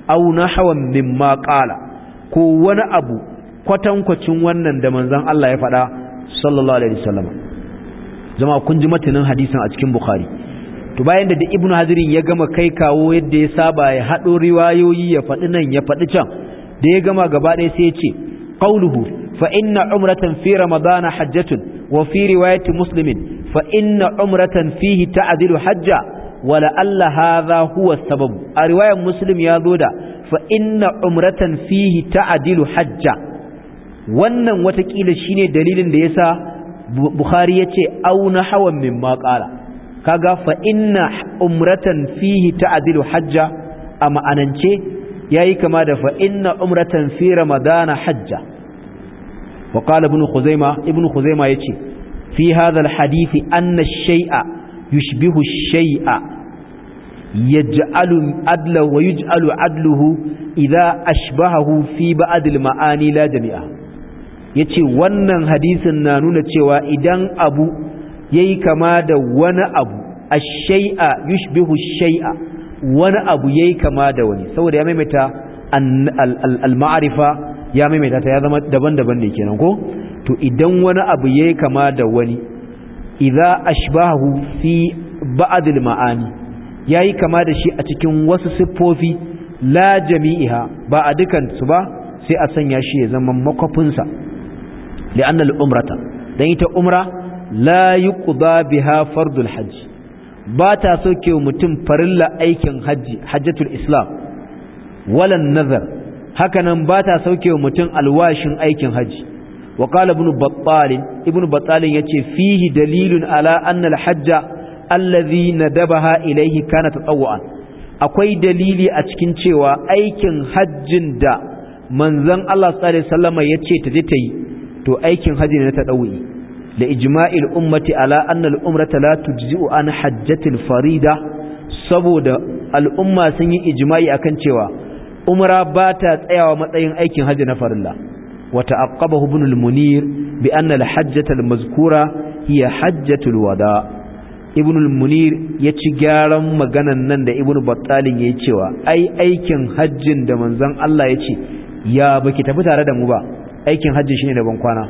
aw nahawan mimma qala ko wani abu kwatankwacin wannan da manzon Allah ya faɗa sallallahu alaihi wasallam jama'a kun ji matanin hadisin a cikin bukhari to bayan da Ibn hazri ya gama kai kawo yadda ya saba ya haɗo riwayoyi ya faɗi nan ya faɗi can da ya gama gaba ɗaya sai ya ce qauluhu فإن عمرة في رمضان حجة وفي رواية مسلم فإن عمرة فيه تعدل حجة ولعل هذا هو السبب رواية مسلم يا ذودا فإن عمرة فيه تعدل حجة wannan watakila shine dalilin da yasa Bukhari yace au nahawan mimma kaga fa inna umratan fihi ta'dilu hajja a ma'anance yayi kama da fa inna umratan fi ramadana hajja wa qala ibn khuzaima ibn khuzaima yace fi hadha alhadith anna ash yushbihu ash-shay'a yaj'alu adla wa yuj'alu adluhu idha ashbahahu fi ba'd al-ma'ani la jami'a yace wannan hadisin na nuna cewa idan abu yayi kama da wani abu ash-shay'a yushbihu shai'a wani abu yayi kama da wani saboda ya maimaita al ya maimaita ta ya zama daban-daban ne kenan ko to idan wani abu yayi kama da wani idza ashbahu fi ba'd al-ma'ani yayi kama da shi a cikin wasu siffofi la jami'iha ba a dukan su ba sai a sanya shi ya zama makwafin sa li'anna al-umrata dan ita umra la yuqda biha fardul hajj ba ta soke mutum farilla aikin hajji hajjatul islam wala nazar hakanan ba ta sauke wa mutum alwashin aikin hajji wa qala ibn battal ibn battal yace fihi dalilun ala anna alhajja allazi nadabaha ilayhi kana tatawwan akwai dalili a cikin cewa aikin hajjin da manzon Allah sallallahu alaihi wasallam yace ta je ta yi to aikin haji ne na tadawi da ijma'il ummati ala anna al-umrata la tujzi'u an hajjatil farida saboda al'umma sun yi ijma'i akan cewa umra ba ta tsayawa matsayin aikin hajji na farilla wata aqaba ibn al-munir bi anna al-hajjata al-mazkura hiya hajjatul wada ibn munir ya ci gyaran maganan nan da ibn battalin yayi cewa ai aikin hajjin da manzon Allah ya ce ya baki tafi tare da mu ba aikin hajji shine da ban kwana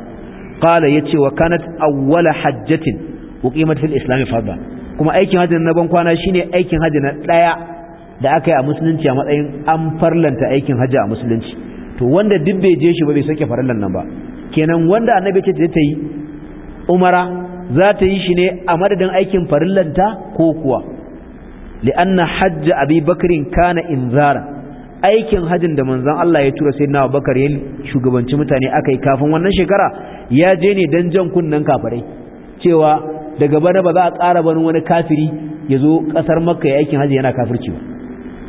qala ce wa kanat awwala hajjatin uqimat fil islam fadha kuma aikin hajji na ban kwana shine aikin hajji na daya da aka yi a musulunci a matsayin an farlanta aikin hajji a musulunci to wanda duk bai je shi ba bai sake farallan nan ba kenan wanda annabi ce ta yi umara za ta yi shi ne a madadin aikin farillanta ko kuwa li'anna hajji abi bakarin kana inzara aikin hajjin da manzon Allah ya tura sai na bakar ya shugabanci mutane aka yi kafin wannan shekara ya je ne don jan kunnen kafirai cewa daga bana ba za a ƙara barin wani kafiri ya zo ƙasar makka ya aikin hajji yana kafirci ba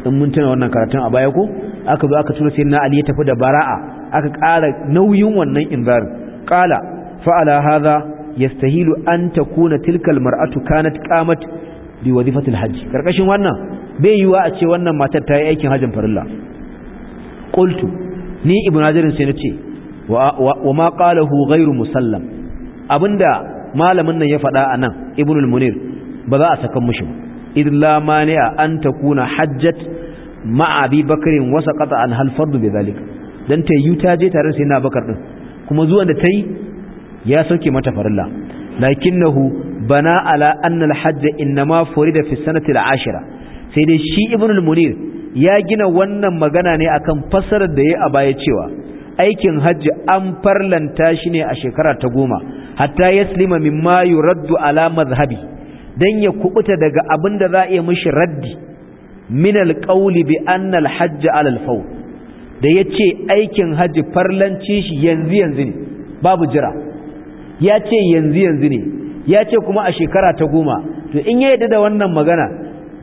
in mun tana wannan karatun a baya ko aka zo aka tura sai na ali ya tafi da bara'a aka ƙara nauyin wannan inzar qala fa ala hadha yastahilu an takuna tilka almar'atu kanat qamat bi wazifati alhajj karkashin wannan bai yiwa a ce wannan matar ta yi aikin hajjin farilla qultu ni ibnu hajarin sai nace wa ma qalahu ghairu musallam abinda malamin nan ya faɗa anan ibnu munir ba za a saka mushi ba la mani'a an takuna hajjat Ma'abi bakarin wasa qata an hal zalika dan ta yi ta je tare da sayyidina bakar din kuma zuwan da ta yi ya sauke mata farilla lakinnahu bana ala anna al-hajj inma furida fi sanati al-ashira sai dai shi ibn al-munir ya gina wannan magana ne akan fasarar da ya a baya cewa aikin hajji an farlanta shi ne a shekara ta goma hatta yaslima mimma yuraddu ala madhhabi dan ya kubuta daga abin da za a yi mishi raddi min alqawli bi anna alhajj ala alfaw da yace aikin hajji farlanci shi yanzu yanzu ne babu jira ya ce yanzu yanzu ne ya ce kuma a shekara ta goma to in ya yadda da wannan magana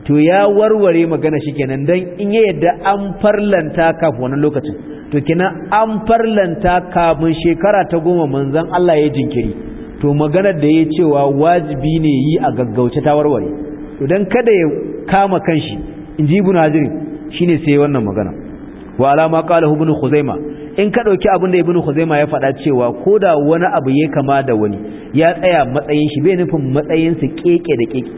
to ya warware magana shi kenan don in ya yadda an farlanta kafin wannan lokacin to kenan an farlanta kafin shekara ta goma manzan Allah ya jinkiri to maganar da ya cewa wajibi ne yi a gaggauce ta warware to don kada ya kama kanshi in ji ibn hajirin shine sai wannan magana wa alama qala ibn khuzaima in ka dauki abin da ibn khuzaima ya faɗa cewa ko da wani abu ya kama da wani ya tsaya matsayin shi bai nufin matsayin sa keke da keke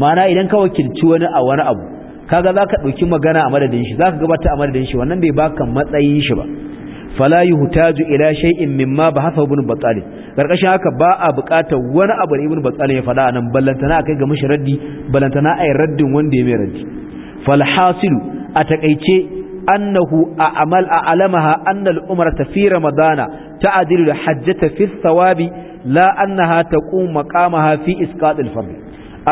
ma'ana idan ka wakilci wani a wani abu kaga zaka dauki magana a madadin shi zaka gabata a madadin shi wannan bai baka matsayin shi ba fala yuhtaju ila shay'in mimma hafa ibn batali karkashin haka ba a bukatar wani abu da ibn batali ya faɗa nan ballantana akai ga mushi raddi ballantana ai raddin wanda ya mai raddi falhasilu a takaice annahu a amal a alamaha annal umrata fi ramadana ta'dilu da hajjata fi thawabi la annaha taqum maqamaha fi isqat al-fard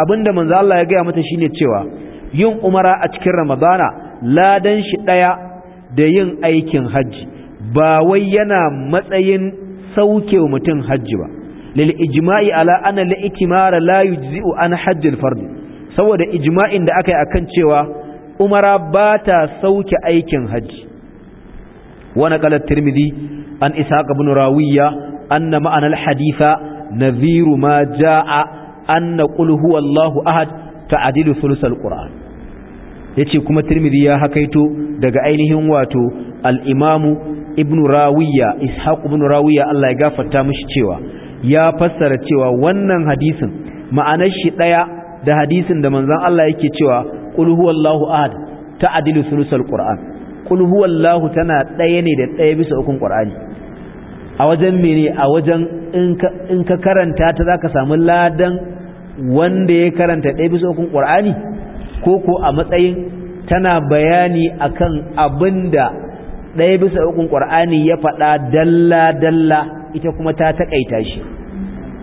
abinda manzo Allah ya gaya mata shine cewa yin umara a cikin ramadana ladan shi ɗaya da yin aikin hajji ba wai yana matsayin sauke mutum hajji ba lil ijma'i ala anna al-ikmara la yujzi'u an hajj al-fard saboda ijma'in da aka yi akan cewa umara ba ta sauke aikin hajji wani kalar tirmidhi an isa ibn rawiya anna ma'anar haditha nadhiru ma ja'a anna qul huwallahu ahad ta'dilu thulutsal qur'an yace kuma tirmidhi ya hakaito daga ainihin wato al-imamu ibn rawiya ishaq ibn rawiya Allah ya gafarta mishi cewa ya fassara cewa wannan hadisin ma'anar shi ɗaya. da hadisin da manzon Allah yake cewa qul huwallahu ahad ta'dilu thulutsal qur'an qul huwallahu tana ɗaya ne da ɗaya bisa ukun qur'ani a wajen mene a wajen in ka karanta ta zaka samu ladan wanda ya karanta ɗaya bisa ukun qur'ani ko ko a matsayin tana bayani akan abinda ɗaya bisa ukun qur'ani ya faɗa dalla dalla ita kuma ta taƙaita shi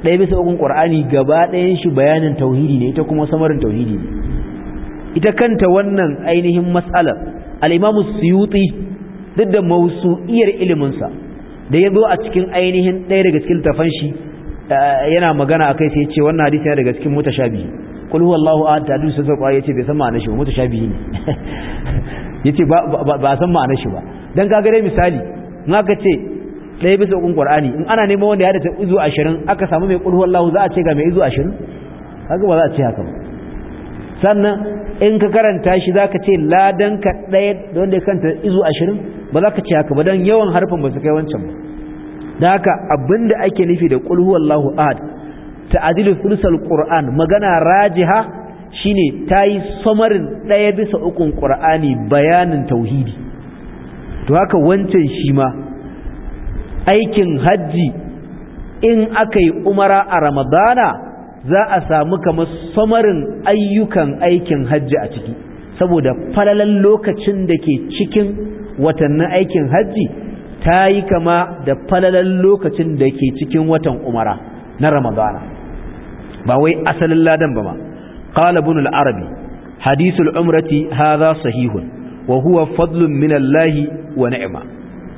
ɗaya bisa ukun ƙwar'ani gaba ɗayan shi bayanin tauhidi ne ita kuma samarin tauhidi ne ita kanta wannan ainihin mas'ala alimamu imamu suyuti duk da iyar iliminsa da ya zo a cikin ainihin ɗaya daga cikin tafan shi eh, yana magana a kai sai ce wannan hadisi yana daga cikin biyu kul Allahu ahad ta dusa sai ya ce bai san ma'anar shi ba biyu ne yace ba ba san ma'anar shi ba dan kaga dai misali in aka ce ɗaya bisa ukun qur'ani in ana neman wanda ya da izu ashirin aka samu mai ƙulhu wallahu za a ce ga mai izu ashirin haka ba za a ce haka ba sannan in ka karanta shi za ka ce ladan ka ɗaya da wanda ya kanta izu ashirin ba za ka ce haka ba don yawan harfin ba su kai wancan ba da haka abinda ake nufi da kulhu wallahu ahad ta'adilu thulthal qur'an magana rajiha shine yi samarin ɗaya bisa ukun qur'ani bayanin tauhidi to haka wancan shi ma aikin hajji in aka yi umara a ramadana za a samu kamar samarin ayyukan aikin hajji a ciki saboda falalan lokacin da ke cikin watannin aikin hajji ta yi kama da falalan lokacin da ke cikin watan umara na ramadana ba wai asalin ladan ba ma qala ibn al-arabi hadithul umrati hadha sahihun wa huwa fadlun minallahi wa ni'ma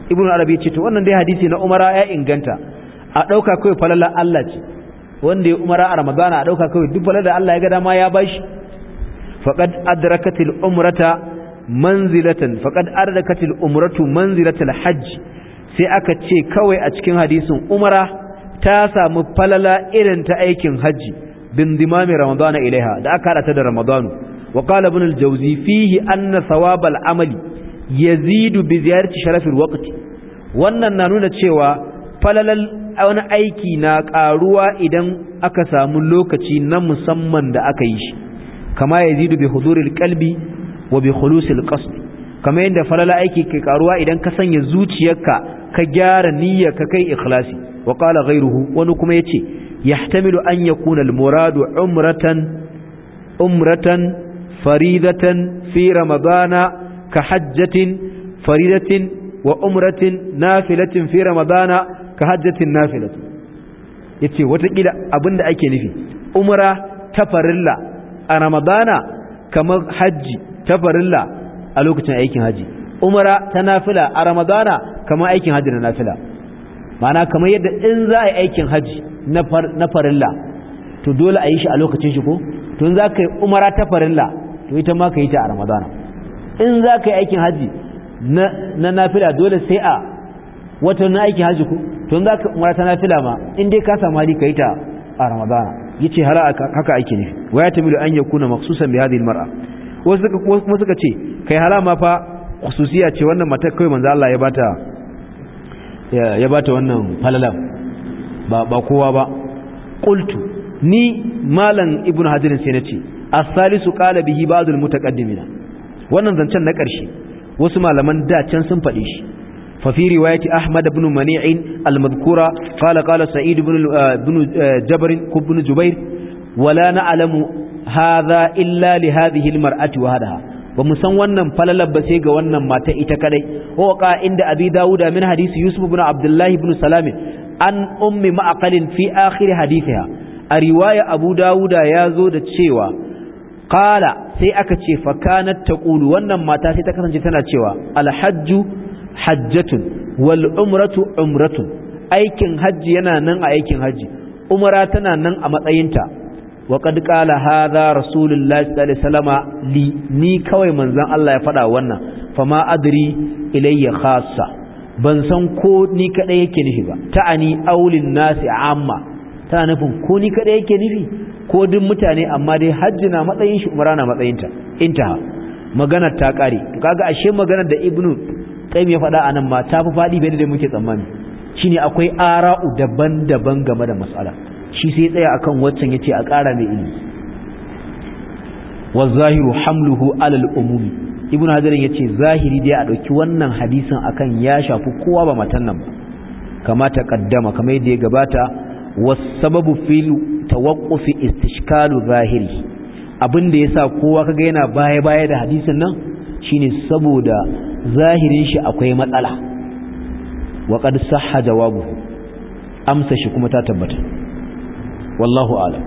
ibn arabi ce to wannan dai hadisi na umara ya inganta a ɗauka kawai falala Allah ce wanda ya umara a ramadana a dauka kawai duk falala Allah ya ga dama ya bashi faqad adrakatil umrata manzilatan faqad adrakatil umratu manzilatal hajj sai aka ce kawai a cikin hadisin umara ta samu falala irin ta aikin hajji bin dimami ramadana ilaiha da aka hada ta da ramadanu wa qala ibn al-jawzi fihi anna thawab amali yazidu bi ziyarci sharafin waqti wannan na nuna cewa falalal wani aiki na ƙaruwa idan aka samu lokaci na musamman da aka yi shi kama yazidu bi huduril qalbi wa bi khulusil qasd kama yadda falala aiki ke ƙaruwa idan ka sanya zuciyarka ka gyara niyyar ka kai ikhlasi wa qala ghayruhu wani kuma yace yahtamilu an yakuna al muradu umratan umratan faridatan fi ramadana ka hajjatin faridatin wa umratin nafilatin fi ramadana ka hajjatin nafilatin yace watakila abinda ake nufi umra ta farilla a ramadana kamar hajji ta farilla a lokacin aikin haji umra ta nafila a ramadana kamar aikin haji na nafila ma'ana kamar yadda in za a yi aikin hajji na farilla to dole a yi shi a lokacin shi ko tun za ka yi umara ta farilla to ita ma ka yi ta a ramadana in za ka yi aikin haji na nafila dole sai a wata na aikin haji ku to za ka mara ta nafila ma in dai ka samu hali ka yi ta a ramadana yace hala haka aiki ne wa ya da an kuna maksusan bi hadin mara. wasu kuma suka ce kai hala ma fa khususiya ce wannan matar kai manzo Allah ya bata ta wannan falalan ba kowa ba Kultu ni malan Ibn Hadirin sai na ce. A salisu kala bihi ba'd al wannan zancen na ƙarshe wasu malaman da can sun faɗi shi ففي رواية أحمد بن منيع المذكورة قال قال سعيد بن, بن جبر بن جبير ولا نعلم هذا إلا لهذه المرأة وهذا ومسوانا فلل بسيق وانا ما تأتكري ووقع عند أبي داود من حديث يوسف بن عبد الله بن سلام عن أم معقل في آخر حديثها الرواية أبو داود يازود تشيوى qala sai aka ce fa kanat taqulu wannan mata sai ta kasance tana cewa alhajju hajjatun wal umratu umratun aikin hajji yana nan a aikin hajji umra tana nan a matsayinta wa qad qala hadha rasulullahi sallallahu alaihi wasallama li ni kawai manzon Allah ya faɗa wannan fama adri ilayya khassa ban san ko ni kadai yake nishi ba ta'ani aulin nasi amma tana nufin ko ni kada yake nufi ko duk mutane amma dai hajji na matsayin shi umara na ta inta magana ta kare to kaga ashe maganar da ibnu qayyim ya faɗa anan ma ta fi faɗi bai da muke tsammani shine akwai ara'u daban-daban game da matsala? shi sai tsaya akan waccan yace a ƙara mai ilimi wa zahiru hamluhu alal umum ibnu hajar yace zahiri dai a ɗauki wannan hadisin akan ya shafi kowa ba matan nan ba kama kaddama kamar yadda ya gabata wasababu fil tawaqqufi istishkalu zahiri abin da yasa kowa kaga yana baya baya da hadisin nan shine saboda zahirin shi akwai matsala wa saha sahha jawabu amsa shi kuma ta tabbata wallahu a'lam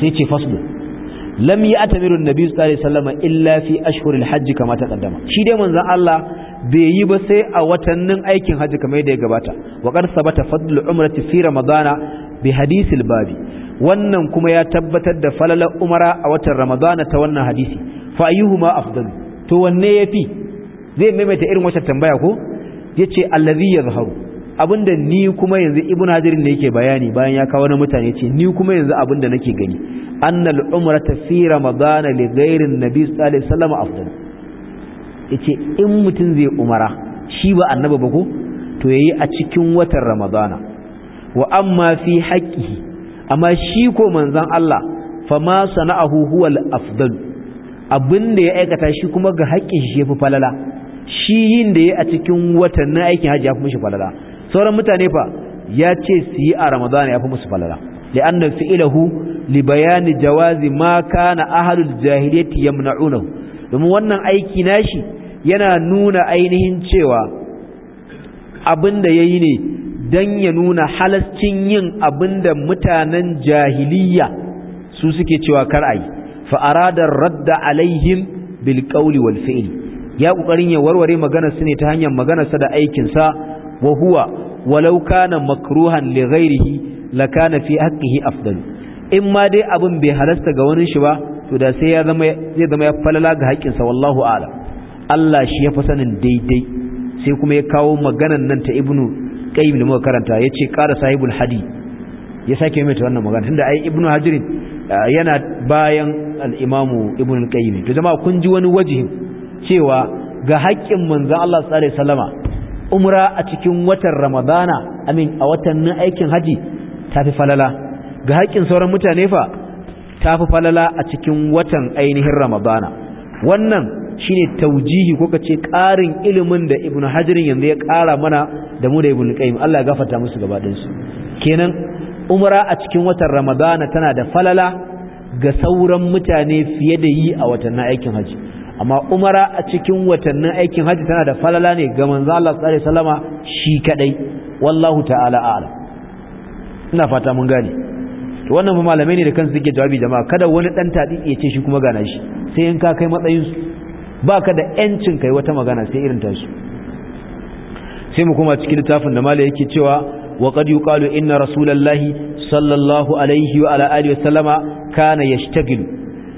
sai ce fasbu lam ya'tamiru an-nabi sallallahu alaihi wasallam illa fi ashhuril hajj kama ta kaddama. shi dai manzon Allah bai yi ba sai a watannin aikin hajji kamar yadda ya gabata wa qad sabata fadlu umrati fi ramadana bi hadisil babi wannan kuma ya tabbatar da falalar umara a watan ramadana ta wannan hadisi fa ayyuhuma afdal to wanne yafi zai maimaita irin wata tambaya ko yace allazi yazharu abinda ni kuma yanzu Ibn hajar ne yake bayani bayan ya kawo na mutane ce ni kuma yanzu abinda nake gani annal umrata fi ramadana li ghairi nabi sallallahu alaihi wasallam afdal yace in mutun zai umara shi ba annabi ba ko to yayi a cikin watan ramadana wa amma fi haqqihi amma shi ko manzon Allah fa ma sana'ahu huwa al-afdal abin da ya aikata shi kuma ga haƙƙin shi yafi falala shi yin da ya a cikin na aikin hajji yafi mishi falala sauran mutane fa ya ce su yi a ramadana yafi musu falala li'anna fi'lahu li bayani jawazi ma kana ahlul jahiliyyati yamna'unahu domin wannan aiki nashi yana nuna ainihin cewa abin da yayi ne don ya nuna halascin yin abin da mutanen jahiliya su suke cewa kar a yi fa'aradar radda alaihim bilkauli wal fi'li ya ƙoƙarin ya warware maganar su ne ta hanyar maganarsa da aikinsa wa huwa walau kana makruhan li ghairihi la kana fi haqqihi afdal in ma dai abin bai halasta ga wani shi ba to da sai ya zama zai zama ya falala ga haƙƙinsa wallahu a'lam Allah shi ya fi sanin daidai sai kuma ya kawo maganar nan ta ibnu kayyim da muka karanta yace qara sahibul hadi ya sake mai ta wannan magana tunda ai ibnu Hajir yana bayan al-imamu ibnu qayyim to jama'a kun ji wani wajihin cewa ga haƙƙin manzo Allah sallallahu alaihi wasallama umra a cikin watan ramadana amin a watannin aikin haji tafi falala ga haƙƙin sauran mutane fa tafi falala a cikin watan ainihin ramadana wannan shine taujihi ko ce ƙarin ilimin da ibnu hajirin yanzu ya ƙara mana da mu da ibnu qayyim Allah ya gafarta musu gaba ɗayan kenan umra a cikin watan ramadana tana da falala ga sauran mutane fiye da yi a watannin aikin haji amma umara a cikin watannin aikin haji tana da falala ne ga manzo Allah sallallahu alaihi wasallama shi kadai wallahu ta'ala a'lam ina fata mun gane wannan ma malamai ne da kansu suke jawabi jama'a kada wani dan tadi ya ce shi kuma gana shi sai in ka kai matsayin su baka da yancin kai wata magana sai irin tashi. sai mu kuma cikin littafin da malai yake cewa wa qad yuqalu inna rasulallahi sallallahu alaihi wa ala alihi wa sallama kana yashtagil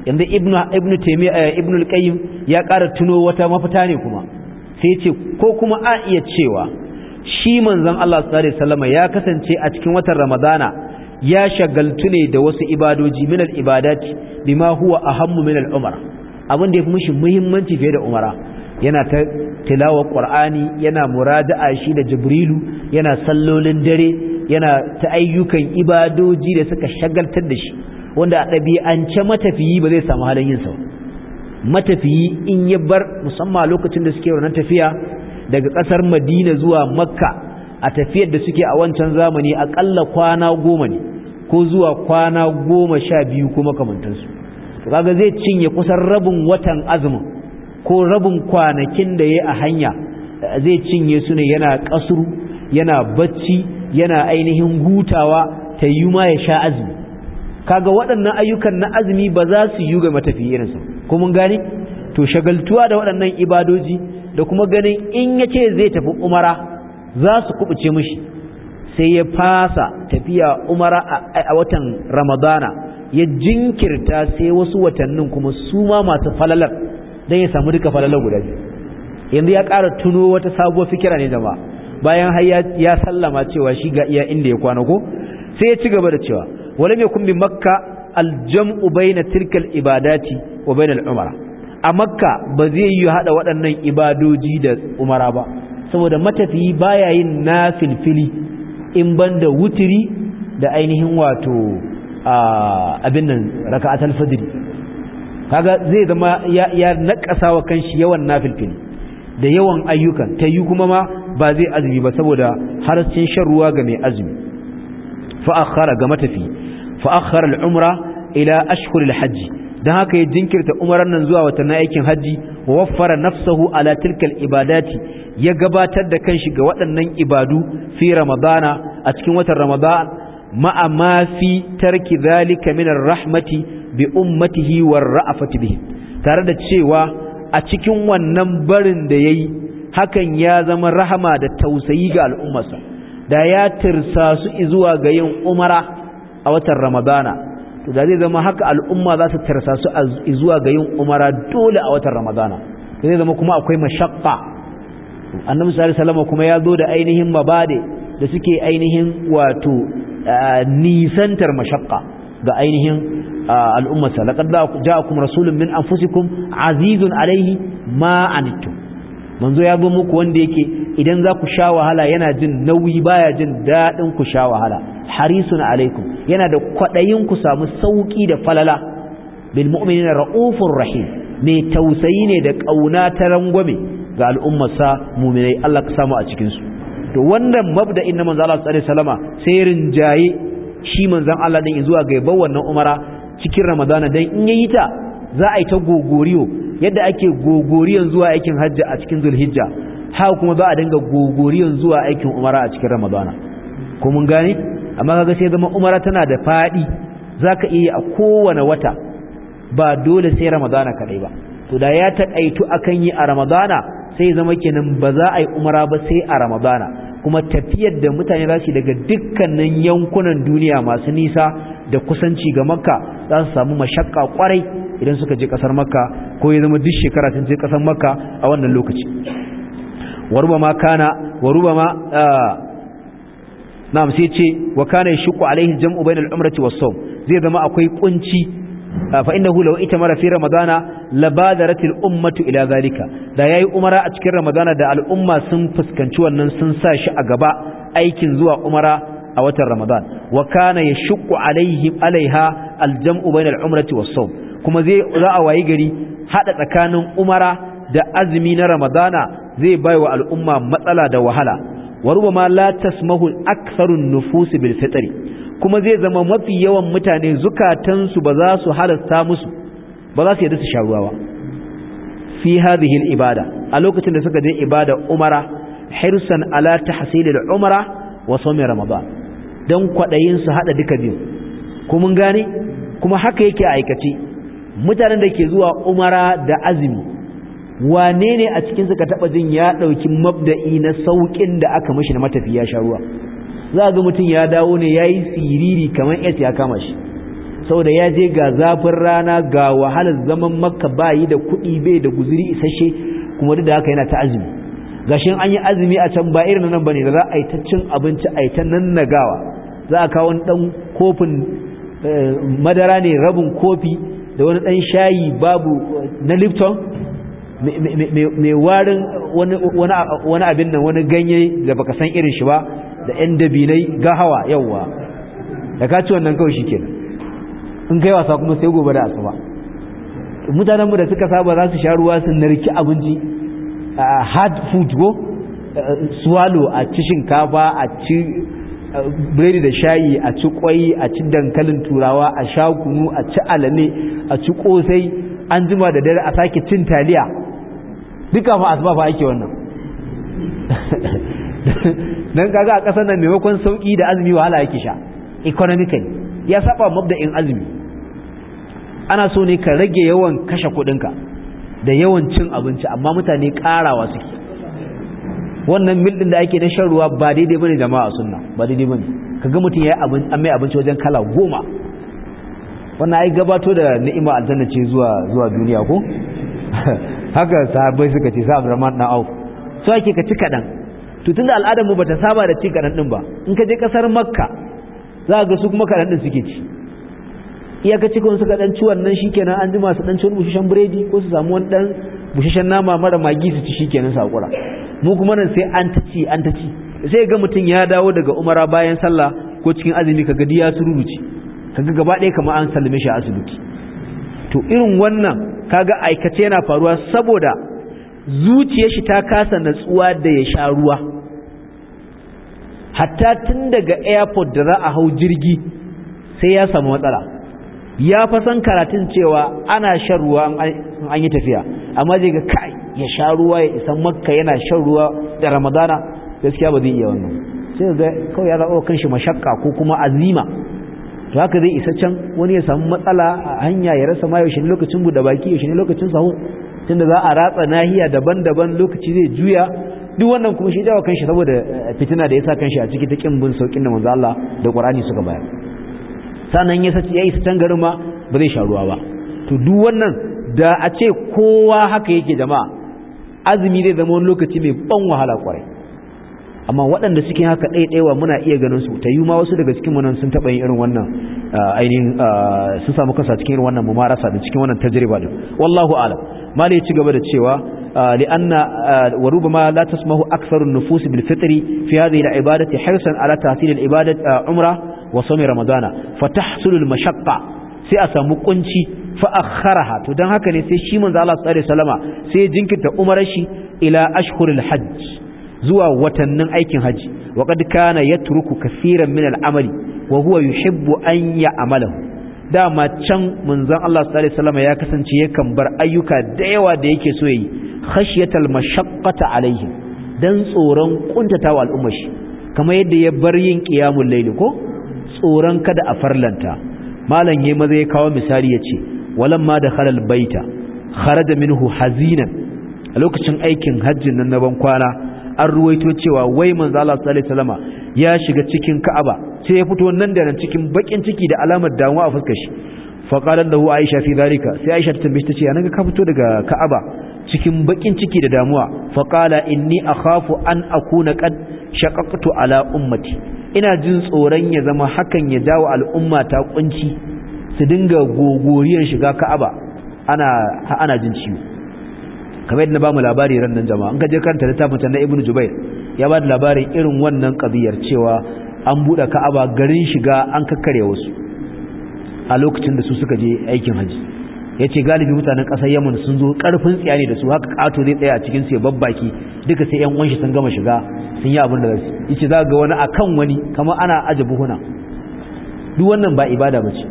yanzu ibnu ibnu taymiya eh, ibnu alqayyim ya ƙara tuno wata mafita ne kuma sai ya ce ko kuma a iya cewa shi manzon Allah sallallahu alaihi wa ya kasance a cikin watan ramadana ya shagaltu ne da wasu ibadoji min al-ibadati bima huwa ahammu min al-umara abin da ya fi mishi muhimmanci fiye da umara yana ta tilawa qur'ani yana murada'a shi da jibrilu yana sallolin dare yana ta ayyukan ibadoji da suka shagaltar da shi wanda a ɗabi'ance matafiyi ba zai samu halin yin sa matafiyi in ya bar musamman lokacin da suke wannan tafiya daga ƙasar madina zuwa makka a tafiyar da suke a wancan zamani akalla kwana goma ne ko zuwa kwana goma sha biyu ko makamantansu kaga zai cinye kusan rabin watan azumin ko rabin kwanakin da ya a hanya zai cinye su ne yana kasuru yana bacci yana ainihin hutawa ta yi ma ya sha azumi kaga waɗannan ayyukan na azumi ba za su yi ga matafiye kuma ko to shagaltuwa da waɗannan ibadoji da kuma ganin in ya ce zai tafi umara za su kubuce mishi sai ya fasa tafiya umara a watan ramadana ya jinkirta sai wasu watannin kuma su ma masu falalar don ya samu duka falalar guda yanzu ya ƙara tuno wata sabuwar fikira ne jama'a bayan har ya sallama cewa shi ga iya inda ya kwana ko sai ya ci gaba da cewa wala mai kumbi makka aljam'u baina tilkal ibadati wa bainal umara a makka ba zai yi hada waɗannan ibadoji da umara ba saboda matafiyi baya yin nafilfili in banda wutiri da ainihin wato abin nan raka'atul fajr kaga zai zama ya naƙasa wa kanshi yawan nafilfili da yawan ayyukan ta yi kuma ma ba zai azumi ba saboda harcin shan ruwa ga mai azumi fa ga matafi fa akhara umra ila ashhuril hajji dan haka ya jinkirta umaran nan zuwa watannin aikin hajji. wa waffara nafsahu ala tilkal ibadati ya gabatar da kanshi ga waɗannan ibadu fi ramadana a cikin watan ramadan ma'a ma fi tarki zalika min rahmati bi ummatihi war ra'afati bihi tare da cewa a cikin wannan barin da yayi hakan ya zama rahama da tausayi ga al'ummarsa da ya tirsa su zuwa ga yin umara a watan ramadana to da zai zama haka al'umma za su tarsa su zuwa ga yin umara dole a watan ramadana to zai zama kuma akwai mashaqqa annabi sallallahu alaihi kuma ya zo da ainihin mabade da suke ainihin wato nisantar mashaqqa ga ainihin al'umma sa laqad ja'akum rasulun min anfusikum azizun alaihi ma anittum manzo ya zo muku wanda yake idan za ku sha wahala yana jin nauyi baya jin daɗin ku sha wahala harisun alaikum yana da kwaɗayin ku samu sauƙi da falala bil mu'minina ra'ufur rahim mai tausayi ne da ƙauna ta rangwame ga al'ummarsa muminai Allah ka samu a cikin su to wannan mabda'in na manzo Allah sallallahu alaihi wasallama sai rinjaye shi manzon Allah din zuwa ga yabon wannan umara cikin ramadana dan in yayi ta za a yi ta gogoriyo yadda ake Gogoriyan zuwa aikin hajji a cikin zulhijja ha kuma za a dinga gogoriyon zuwa aikin umara a cikin ramadana ko mun gane amma kaga sai zama umara tana da faɗi zaka iya a kowane wata ba dole sai ramadana kadai ba to da ya taƙaitu akan yi a ramadana sai zama kenan ba za a yi umara ba sai a ramadana kuma tafiyar da mutane za su daga dukkanin yankunan duniya masu nisa da kusanci ga makka za su samu mashakka kwarai idan suka je kasar makka ko ya zama duk shekara sun je kasar makka a wannan lokaci waruba kana waruba ma ah, na'am sai ce wa kana yashqu alaihi jam'u bainal umrati was sawm zai zama akwai kunci fa innahu law itamara fi ramadana labadaratil ummatu ila zalika da yayi umara a cikin ramadana da al'umma sun fuskanci wannan sun sa shi a gaba aikin zuwa umara a watan ramadan wa kana yashqu alaihi alaiha aljam'u bainal umrati was sawm kuma zai za a wayi gari hada tsakanin umara da azumi na ramadana zai bai wa al'umma matsala da wahala wa ma la tasmahu aktharun nufus bil fitri kuma zai zama mafi yawan mutane zukatansu ba za su halasta musu ba za su yadda su sha ba fi hadhihi al ibada a lokacin da suka je ibada umara hirsan ala tahsil al umara wa sawm ramadan dan kwadayin su hada duka biyu ko mun gane kuma haka yake aikace mutanen da ke zuwa umara da azumi wane ne a cikin suka taba jin ya ɗauki mabda'i na saukin da aka mashi na matafiya sha ruwa za ga mutum ya dawo ne ya yi siriri kamar yace ya kama shi saboda ya je ga zafin rana ga wahalar zaman makka yi da kuɗi bai da guzuri isasshe kuma duk da haka yana ta azumi gashin an yi azumi a can ba irin nan bane da za a yi ta cin abinci a yi ta nan gawa za a kawo ɗan kofin eh, madara ne rabin kofi da wani ɗan shayi babu eh, na lipton mai warin wani abin nan wani ganye da baka san irin shi ba da yan dabinai ga hawa yawwa da ka ci wannan kawai shi kenan in kai wasa kuma sai gobe da asuba mutanen mu da suka saba za su sha ruwa su narki abinci a hard food go swallow a ci shinkafa a ci biredi da shayi a ci kwai a ci dankalin turawa a sha kunu a ci alane a ci kosai an jima da dare a sake cin taliya duka fa asuba fa ake wannan dan kaga a kasar nan maimakon sauki da azumi wahala yake sha economically ya saba mabda'in azumi ana so ne ka rage yawan kashe ka da yawan cin abinci amma mutane karawa suke wannan mil din da ake na shan ruwa ba daidai bane jama'a sunna ba daidai bane kaga mutum ya abin an mai abinci wajen kala goma wannan ai gabato da ni'ima aljanna ce zuwa zuwa duniya ko haka sahabbai suka ce sa Abdurrahman dan Auf so ake ka ci kadan to tunda al'adar mu bata saba da ci kadan din ba in ka je kasar Makka za ga su kuma kadan din suke ci ka ci kun suka dan ci wannan shikenan an ji masu dan ci bushashen biredi ko su samu wani dan bushashen nama mara magi su ci shikenan sakura mu kuma nan sai an ta ci an ta ci sai ga mutum ya dawo daga umara bayan sallah ko cikin azumi kaga diya sururuci kaga gaba ɗaya kamar an sallame shi a asibiti to irin wannan kaga aikace yana faruwa saboda zuciyar shi ta kasa natsuwa da ya sha ruwa hatta tun daga airport da za a hau jirgi sai ya samu matsala ya fa san karatun cewa ana shan ruwa an yi tafiya amma je ga kai ya sha ruwa ya isan makka yana shan ruwa da ramadana gaskiya ba zai iya wannan sai ga kawai ya zaɓa kan shi mashakka ko kuma azima to haka zai isa can wani ya samu matsala a hanya ya rasa ma yaushe ne lokacin buɗe baki yaushe ne lokacin sahu tunda za a ratsa nahiya daban-daban lokaci zai juya duk wannan kuma shi jawo kanshi saboda eh, fitina da ya sa kanshi a ciki ta kin bin saukin da manzo Allah da Qur'ani suka bayar sanan ya sace yayi can garin ma ba zai sharuwa ba to duk wannan da a ce kowa haka yake jama'a azumi zai zama wani lokaci mai ban wahala kwarai amma waɗanda suke haka ɗaiɗaiwa muna iya ganin su ta yi ma wasu daga cikin nan sun taɓa yin irin wannan ainihin sun samu kansa cikin irin wannan mumarasa da cikin wannan tajriba din wallahu alam mali ci gaba da cewa li'anna wa rubama la tasmahu aktharun nufus bil fitri fi hadhihi al ibadati hirsan ala tahsil al ibadat umra wa sawm ramadana fa tahsul al mashaqqa sai a samu kunci fa akharaha to dan haka ne sai shi manzo Allah sallallahu alaihi wasallama sai jinkirta umarar shi ila ashhuril hajj zuwa watannin aikin haji wa Kana ya yatruku kaseeran min al-amali wa huwa yuhibbu an dama can manzon Allah sallallahu alaihi ya kasance yakan bar ayyuka da yawa da yake so yi khashyatal mashaqqata alaihi dan tsoron ƙuntatawa al'ummar shi kamar yadda ya bar yin qiyamul layl ko tsoron kada a farlanta malam yayi maza ya kawo misali yace walamma dakhala al-baita kharaja minhu hazinan a lokacin aikin hajjin nan na ban kwana an ruwaito cewa wai manzo Allah sallallahu alaihi wasallama ya shiga cikin Ka'aba sai ya fito nan da nan cikin bakin ciki da alamar damuwa a fuskar shi fa qalat lahu Aisha fi zalika sai Aisha ta tambaye ta ce anaga ka fito daga Ka'aba cikin bakin ciki da damuwa fa qala inni akhafu an akuna qad shaqaqtu ala ummati ina jin tsoron ya zama hakan ya jawo al'umma ta kunci su dinga gogoriyar shiga Ka'aba ana ana jin ciwo kamar yadda ba mu labari ran nan jama'a an ka je karanta littafin ta na ibnu jubair ya ba da labarin irin wannan kabiyar cewa an buɗe ka'aba garin shiga an kakkare wasu a lokacin da su suka je aikin haji ya ce galibi mutanen ƙasar yaman sun zo ƙarfin tsiya ne da su haka ƙato zai tsaya a cikin ya babbaki duka sai 'yan wanshi sun gama shiga sun yi abin da zai yace yi ce za ga wani a kan wani kama ana aje buhuna duk wannan ba ibada ba ce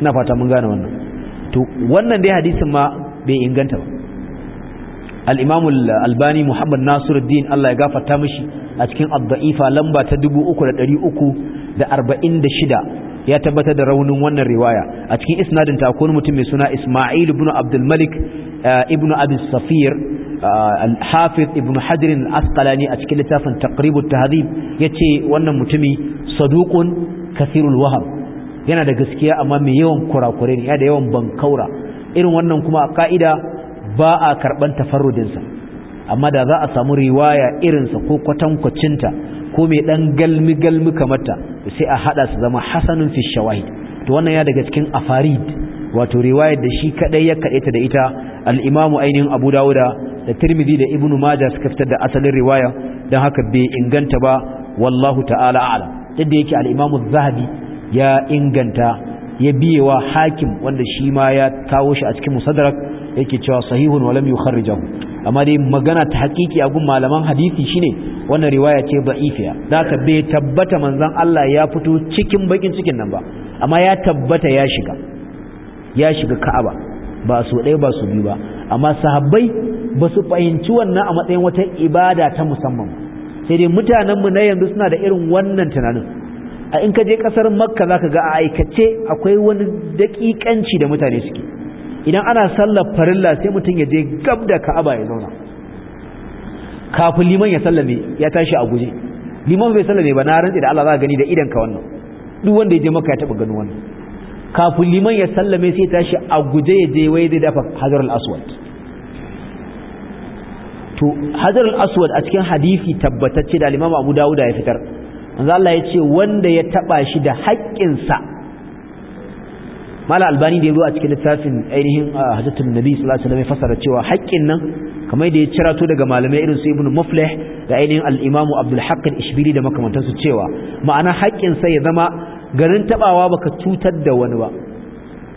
ina fata mun gane wannan to wannan dai hadisin ma bai inganta ba al-imam albani muhammad nasiruddin Allah ya gafarta mishi a cikin ad lamba ta dubu da da shida ya tabbatar da raunin wannan riwaya a cikin isnadin ta akwai suna isma'il ibn abdul malik eh, ibn abi safir eh, hafiz ibn hadr al a cikin littafin taqrib at ya ce wannan mutumin saduqun kathirul wahab yana da gaskiya amma mai yawan kurakure ne ya da yawan bankaura irin wannan kuma a ka'ida ba a karɓar tafarrudinsa amma da za a samu riwaya irinsa ko kwatankwacinta ko mai ɗan galmi galmi kamarta sai a haɗa su zama hasanun fi shawahid to wannan ya daga cikin afarid wato riwayar da shi kadai ya kaɗe ta da ita Al'imamu ainihin abu dawuda da tirmidhi da ibnu maja suka fitar da asalin riwaya don haka bai inganta ba wallahu ta'ala a'lam duk da yake alimamu imamu zahabi ya inganta ya biye wa hakim wanda shi ma ya kawo shi a cikin musadarak yake cewa sahihun walam yukharrijahu amma dai magana ta hakiki a gun malaman hadisi shine wannan riwaya ce da ka bai tabbata manzon Allah ya fito cikin bakin cikin nan ba amma ya tabbata ya shiga ya shiga Ka'aba ba su ɗaya ba su biyu ba amma sahabbai ba su fahimci wannan a matsayin wata ibada ta musamman sai dai mutanenmu na yanzu suna da irin wannan tunanin a in ka je kasar makka za ka ga a aikace akwai wani daƙiƙanci da mutane suke idan ana sallar farilla sai mutum ya je gab da ka'aba ya zauna kafin liman ya sallame ya tashi a guje liman bai sallame ba na rantsi da Allah za gani da idan ka wannan duk wanda ya je makka ya taba ganin wannan kafin liman ya sallame sai tashi a guje ya je wai zai dafa hajar al-aswad to hajar al-aswad a cikin hadisi tabbatacce da Imam Abu Dawud ya fitar manzo Allah ya ce wanda ya taba shi da haƙƙinsa mala albani da ya zo a cikin littafin ainihin hajjatun nabi sallallahu alaihi wasallam fasara cewa haƙƙin nan kamar da ya cirato daga malamai irin su ibn muflih da ainihin al abdul haqq Ishbiri da makamantansu cewa ma'ana haƙƙin sa ya zama garin tabawa baka cutar da wani ba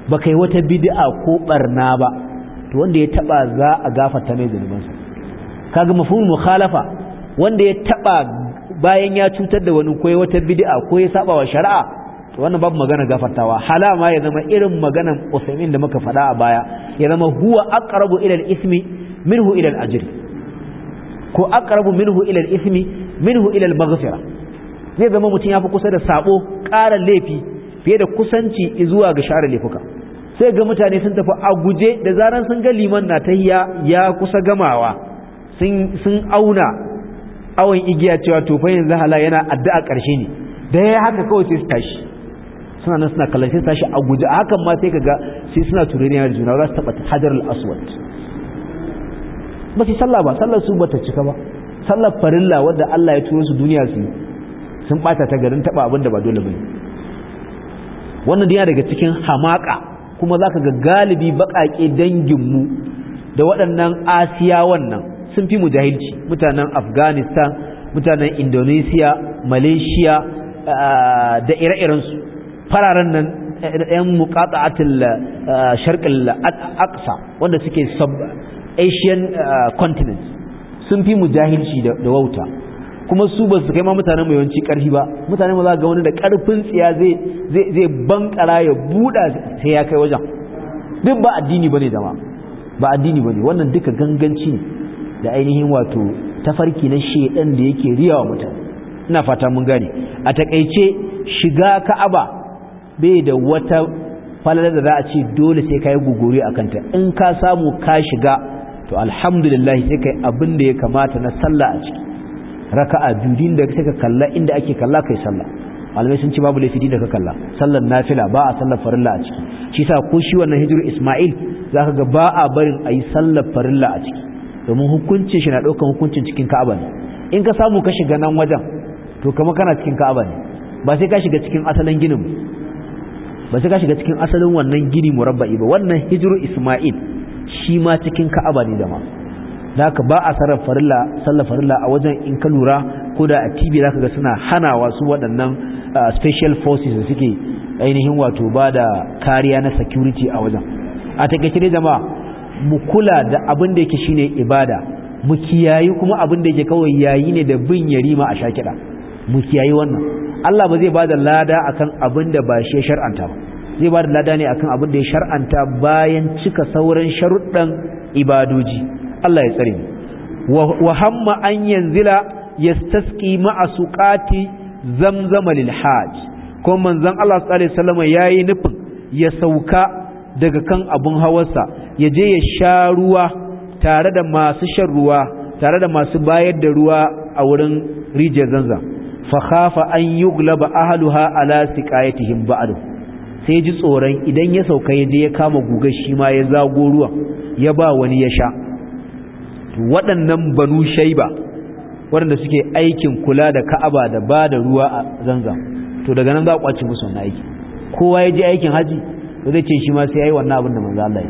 baka yi wata bid'a ko barna ba to wanda ya taba za a gafarta mai zanubansa kaga mafhumul mukhalafa wanda ya taɓa. bayan ya cutar da wani ko wata bidi'a ko ya saba wa shari'a to wannan babu magana gafartawa halama ya zama irin maganan usaimin da muka faɗa a baya ya zama huwa aqrabu ila al-ismi minhu ila al-ajr ko aqrabu minhu ila al-ismi minhu ila al-maghfira zai zama mutum ya fi kusa da sabo ƙara laifi fiye da kusanci zuwa ga share laifuka sai ga mutane sun tafi a guje da zaran sun ga liman na tahiya ya kusa gamawa sun auna awon igiya cewa tofa yanzu hala yana addu'a ƙarshe ne da ya haka kawai sai su tashi suna nan suna kallon sai su tashi a guji a hakan ma sai ka ga sai suna turaniya da juna za su taɓa hajar ba su sallah ba sallar su ba ta cika ba sallar farilla wadda Allah ya turo su duniya su sun ɓata ta garin taɓa abin da ba dole ba ne wannan yana daga cikin hamaka kuma za ka ga galibi baƙaƙe danginmu da waɗannan asiyawan nan sun fi mu mutanen afghanistan mutanen indonesia malaysia ah, da ire-irensu fararen nan yan muqata'atul ah, sharqil aqsa wanda suke sub asian ah, continent sun fi mu da wauta kuma su ba su kai ma mutanen mai yawanci karfi ba mutanen ma za ga wani da karfin tsiya zai bankara ya buɗa sai ya kai wajen duk ba addini ba ne dama ba addini ba ne. wannan duka ganganci ne da ainihin wato tafarki na shedan da yake riyawa mutane ina fata mun gane a takeice shiga ka'aba bai da wata falala da za a ce dole sai kai gugure a kanta in ka samu ka shiga to alhamdulillah sai kai abin da ya kamata na sallah a ciki raka'a biyu da kake kalla inda ake kalla kai sallah malamai sun ce babu laifi da ka kalla sallar nafila ba a sallar farilla a ciki shi sa ko shi wannan hijiru isma'il zaka ga ba a barin ayi sallar farilla a ciki domin hukuncin shi na ɗaukar hukuncin cikin ka'aba ne in ka samu ka shiga nan wajen to kama kana cikin ka'aba ne ba sai ka shiga cikin asalin ginin ba sai ka shiga cikin asalin wannan gini murabba'i ba wannan hijiru isma'il shi ma cikin ka'aba ne da ma da haka ba a sarar farilla sallar farilla a wajen in ka lura ko da a tv za ka ga suna hanawa su waɗannan special forces da suke ainihin wato ba da kariya na security a wajen a takaice dai jama'a mu kula da abin da yake shine ibada mu kiyayi kuma abin da yake kawai yayi ne da bin yarima a shakida mu kiyayi wannan Allah ba zai ba da lada akan abin da ba shi shar'anta ba zai ba da lada ne akan abin da ya shar'anta bayan cika sauran sharuɗan ibadoji Allah ya tsare mu wa hamma an yanzila yastasqi ma'a suqati zamzama lil hajj kuma manzon Allah sallallahu alaihi wasallam yayi nufin ya sauka daga kan abun hawarsa ya je ya sha ruwa tare da masu shan ruwa tare da masu bayar da ruwa a wurin rijiyar zanzan fa khafa an yughlaba ahluha ala siqayatihim ba'du sai ji tsoron idan ya sauka ya je ya kama guga shi ma ya zago ruwan ya ba wani ya sha waɗannan banu shaiba waɗanda suke aikin kula da ka'aba da ba da ruwa a zanzan to daga nan za a aci musu wani aiki kowa ya je aikin haji to zai ce shi ma sai yayi wannan abin da manzo Allah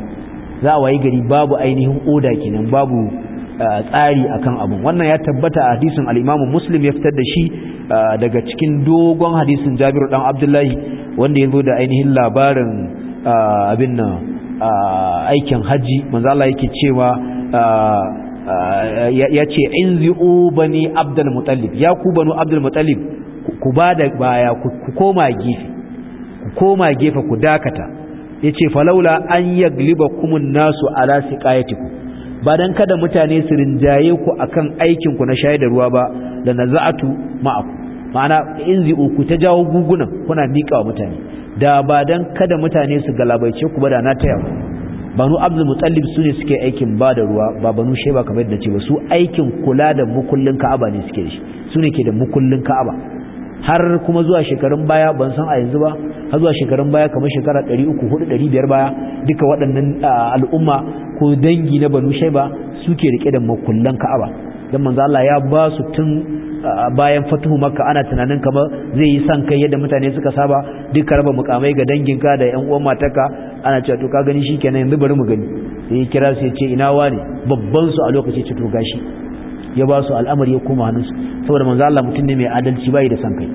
za a wayi gari babu ainihin oda kenan babu tsari akan abun wannan ya tabbata a hadisin al-Imam Muslim ya fitar da shi daga cikin dogon hadisin Jabiru dan Abdullahi wanda ya zo da ainihin labarin abin nan aikin haji manzo Allah yake cewa ya ce inzi'u bani Abdul Muttalib ya ku banu Abdul Muttalib ku ba baya ku koma gefe ku koma gefe ku dakata yace falaula an kumun nasu ala siqayatikum ba dan kada mutane su rinjaye ku akan aikin ku na shayar da ruwa ba da za'atu ma'aku ma'ana inzi'u ku ta jawo gugunan kuna nika wa mutane da ba dan kada mutane su galabaice ku ba da na taya ku banu abdul mutallib su ne suke aikin ba da ruwa ba banu sheba kamar yadda ce ba su aikin kula da mukullin ka'aba ne suke shi su ne ke da mukullin ka'aba har kuma zuwa shekarun baya ban san a yanzu ba har zuwa shekarun baya kamar shekara 300-400 baya duka waɗannan al'umma ko dangi na banu shaiba suke rike da makullan ka'aba don manzo Allah ya ba su tun bayan fatuhu maka ana tunanin kama zai yi san kai yadda mutane suka saba duka raba mukamai ga danginka da yan uwan mataka ana cewa to ka gani shikenan yanzu bari mu gani sai ya kira su ce ina wani babban su a lokaci ce to gashi ya ba su al'amari ya koma hannunsu saboda manzo Allah mutum ne mai adalci bai da san kai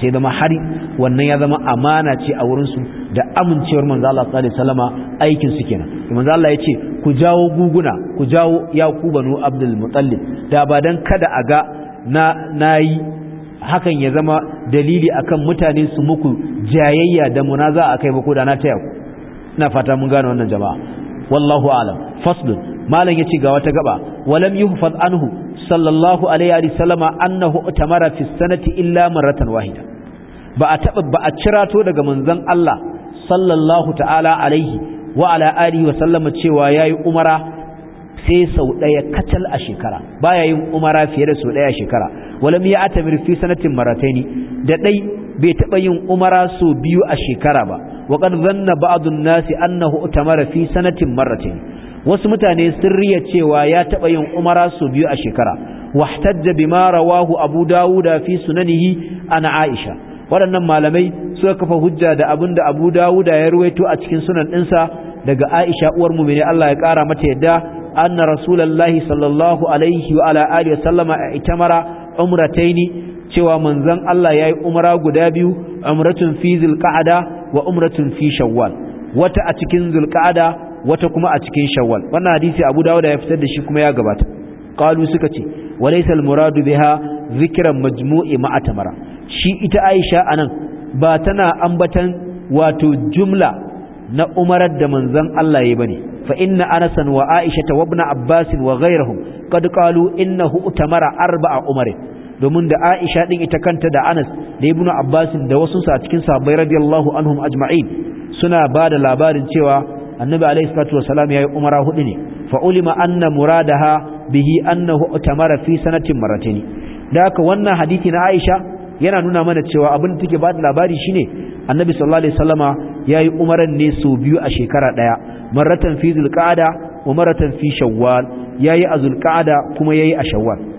sai zama har wannan ya zama amana ce a wurin su da amincewar manzo Allah sallallahu alaihi wasallama aikin su kenan manzo Allah ya ce ku jawo guguna ku jawo yakubanu abdul Muttalib da ba dan kada a ga na nayi hakan ya zama dalili akan mutane su muku jayayya da munaza akai ba ko da na taya ku ina fata mun gane wannan jama'a wallahu alam faslun malam ya ce ga wata gaba walam yuhfaz anhu sallallahu alaihi wa sallama annahu utamara fi sanati illa maratan wahida ba a taba ba a cirato daga manzon Allah sallallahu ta'ala alaihi wa ala alihi wa sallama cewa yayi umara sai sau daya katal a shekara baya yin umara fiye da sau daya shekara walam ya atamir fi sanatin marataini da dai bai taba yin umara sau biyu a shekara ba wa Zanna dhanna ba'd an-nas annahu fi sanatin wasu mutane sirriya cewa ya taba yin umara su biyu a shekara wahtajja bima rawahu abu dawuda fi sunanihi an aisha waɗannan malamai suka kafa hujja da abin da abu dawuda ya ruwaito a cikin sunan ɗinsa daga aisha uwar mumini allah ya ƙara mata yadda anna rasulallahi sallallahu alaihi wa ala alihi wa sallama a itamara umrataini cewa manzon allah ya yi umara guda biyu umratun fi zilqa'ada wa umratun fi shawwal wata a cikin zulqa'ada wata kuma a cikin shawwal wannan hadisi abu dawud ya fitar da shi kuma ya gabata qalu suka ce wa laysa muradu biha zikran majmu'i ma'atamara shi ita aisha anan ba tana ambatan wato jumla na umarar da manzon Allah yayi bane fa inna anasan wa aisha wa ibn abbas wa ghayrihim qad qalu innahu utamara arba'a umarin domin da Aisha din ita kanta da Anas da ibnu Abbas da wasu sa cikin sahabbai radiyallahu anhum ajma'in suna ba da labarin cewa Annabi alaihi salatu wasalam yayi umara hudu ne fa ulima anna muradaha bihi annahu utamara fi sanatin maratayn da haka wannan hadisi na Aisha yana nuna mana cewa abin da take ba da labari shine Annabi sallallahu alaihi wasallama yayi umaran ne sau biyu a shekara daya marratan fi zulqa'ada wa marratan fi shawwal yayi a zulqa'ada kuma yayi a shawwal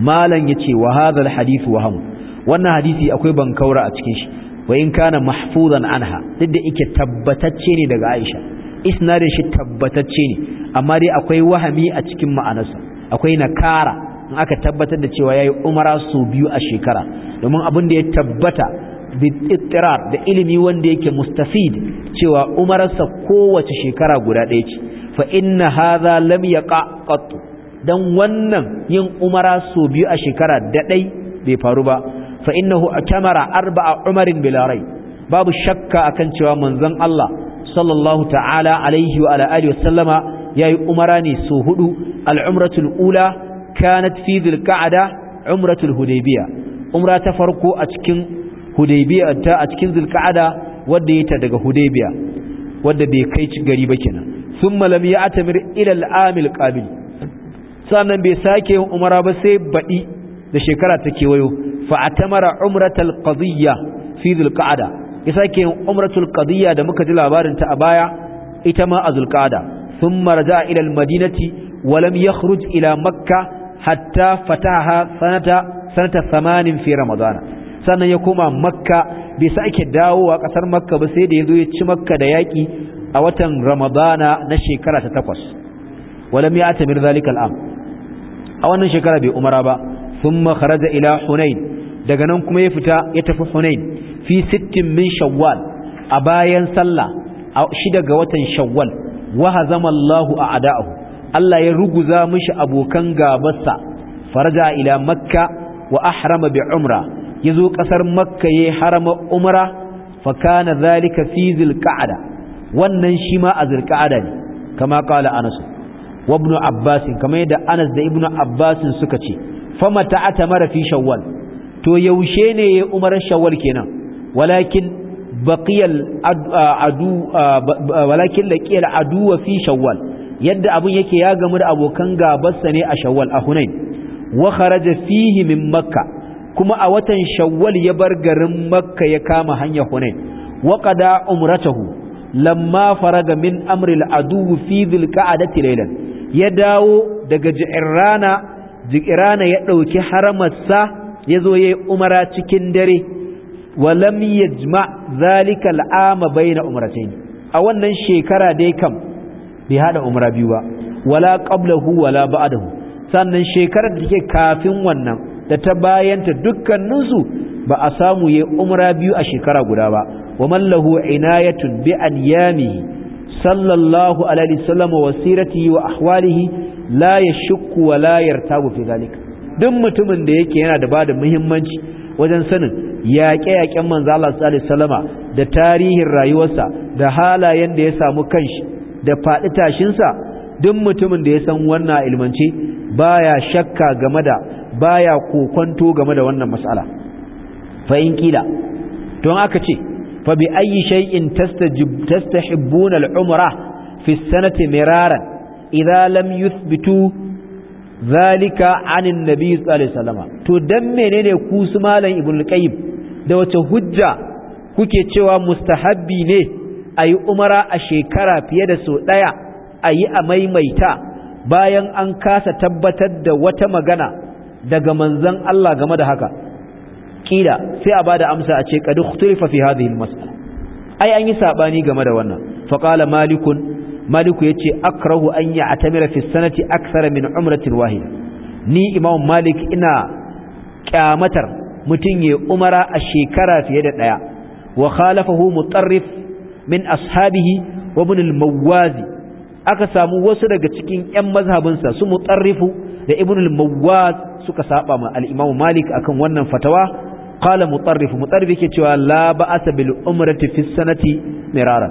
Malam ya wa hadha hadisi waham wannan hadisi akwai bankaura a cikin shi wa in kana mahfuzan anha duk da yake tabbatacce ne daga Aisha Isna da shi tabbatacce ne amma dai akwai wahami a cikin ma'anarsa akwai nakara in aka tabbatar da cewa yayi umara su biyu a shekara domin abin da ya tabbata bittirar da ilimi wanda yake mustafid cewa umararsa kowace shekara guda ɗaya ce fa inna hadha lam yaqa qattu dan wannan yin umara so biyu a shekara daɗai bai faru ba fa innahu arba arba'a umarin bilarai babu shakka akan cewa manzon Allah sallallahu ta'ala alaihi wa sallama ya yayi umara ne so hudu al'umratul ula kanat fi dhil-qa'da umratul umra ta farko a cikin hudaybiyah ta a cikin dhil-qa'da wanda ta daga hudaybiyah wadda bai kai gari ba kenan thumma lam ya'tamir ila al-amil qabil sannan bai sake yin umara ba sai baɗi da shekara ta kewayo fa atamara umratal qadiyya fi zulqa'ada ya sake yin umratul qadiyya da muka ji labarin ta a baya ita ma a zulqa'ada thumma raja'a ila al-madinati wa lam yakhruj ila makka hatta fataha sanata sanata 80 fi ramadana sannan ya koma makka bai sake dawowa kasar makka ba sai da ya zo ya ci makka da yaƙi a watan ramadana na shekara ta takwas walam ya atamir zalikal am a wannan shekara bai umara ba Sun kharaja ila hunain daga nan kuma ya fita ya tafi hunain fi sittin min shawwal a bayan sallah a shida ga watan shawwal waha zama Allahu a'da'ahu Allah ya ruguza mishi abokan gabarsa faraja ila makka wa ahrama bi umra zo kasar makka ya harama umra fa kana zalika fi zilqa'da wannan shi ma a zilqa'da ne kama ƙala anasu wa ibn abbas kamar anas da Ibnu Abbasin suka ce fama ta'atamara fi shawwal to yaushe ne ya umarar shawwal kenan walakin baqiyal adu walakin laqiyal adu fi shawwal yadda abun yake ya gamu da abokan gabarsa ne a shawwal a hunain wa kharaja fihi min makka kuma a watan shawwal ya bar garin makka ya kama hanyar hunain wa qada umratahu lamma faraga min amri adu fi dhil qa'adati laylan ya dawo daga ji'irana ya ɗauki haramarsa ya zo ya yi umara cikin dare walam yajma zalika al'ama bayna umratayn a wannan shekara dai kam bai hada umra biyu ba wala qablahu wala ba'dahu sannan shekarar da take kafin wannan da ta bayanta dukkaninsu ba a samu yayi umra biyu a shekara guda ba wa mallahu ya inayatun bi anyamihi sallallahu alaihi wasallam wa siratihi wa ahwalihi la yashukku wa la yartabu fi duk mutumin da yake yana da bada muhimmanci wajen sanin yaƙe-yaƙen manzo Allah sallallahu alaihi wasallama da tarihin rayuwarsa da halayen da ya samu kanshi da faɗi tashinsa duk mutumin da ya san wannan ilmance baya shakka game da baya kokonto game da wannan mas'ala fa in kila don aka ce fa bi ayyi shay'in tastahibbuna al-umra fi sanati miraran idza lam yuthbitu zalika anin nabi sallallahu alaihi wasallam to dan menene ku su malam ibnu qayyim da wace hujja kuke cewa mustahabbi ne ayi umara a shekara fiye da sau ɗaya ayi a maimaita bayan an kasa tabbatar da wata magana daga manzon Allah game da haka kila sai a bada amsa a ce qad ikhtalifa fi hadhihi al-mas'ala ai an yi sabani game da wannan fa qala malikun maliku yace akrahu an ya'tamira fi sanati akthar min umratin wahid ni imam malik ina kyamatar mutun ya umara a shekara fiye da daya wa khalafahu mutarrif min ashabihi wa ibn al-mawazi aka samu wasu daga cikin ƴan mazhabinsa su mutarrifu da ibn al-mawaz suka saba ma al-imam malik akan wannan fatawa qala mutarrif mutarrif yake cewa la ba'asa bil umrati fi sanati mirara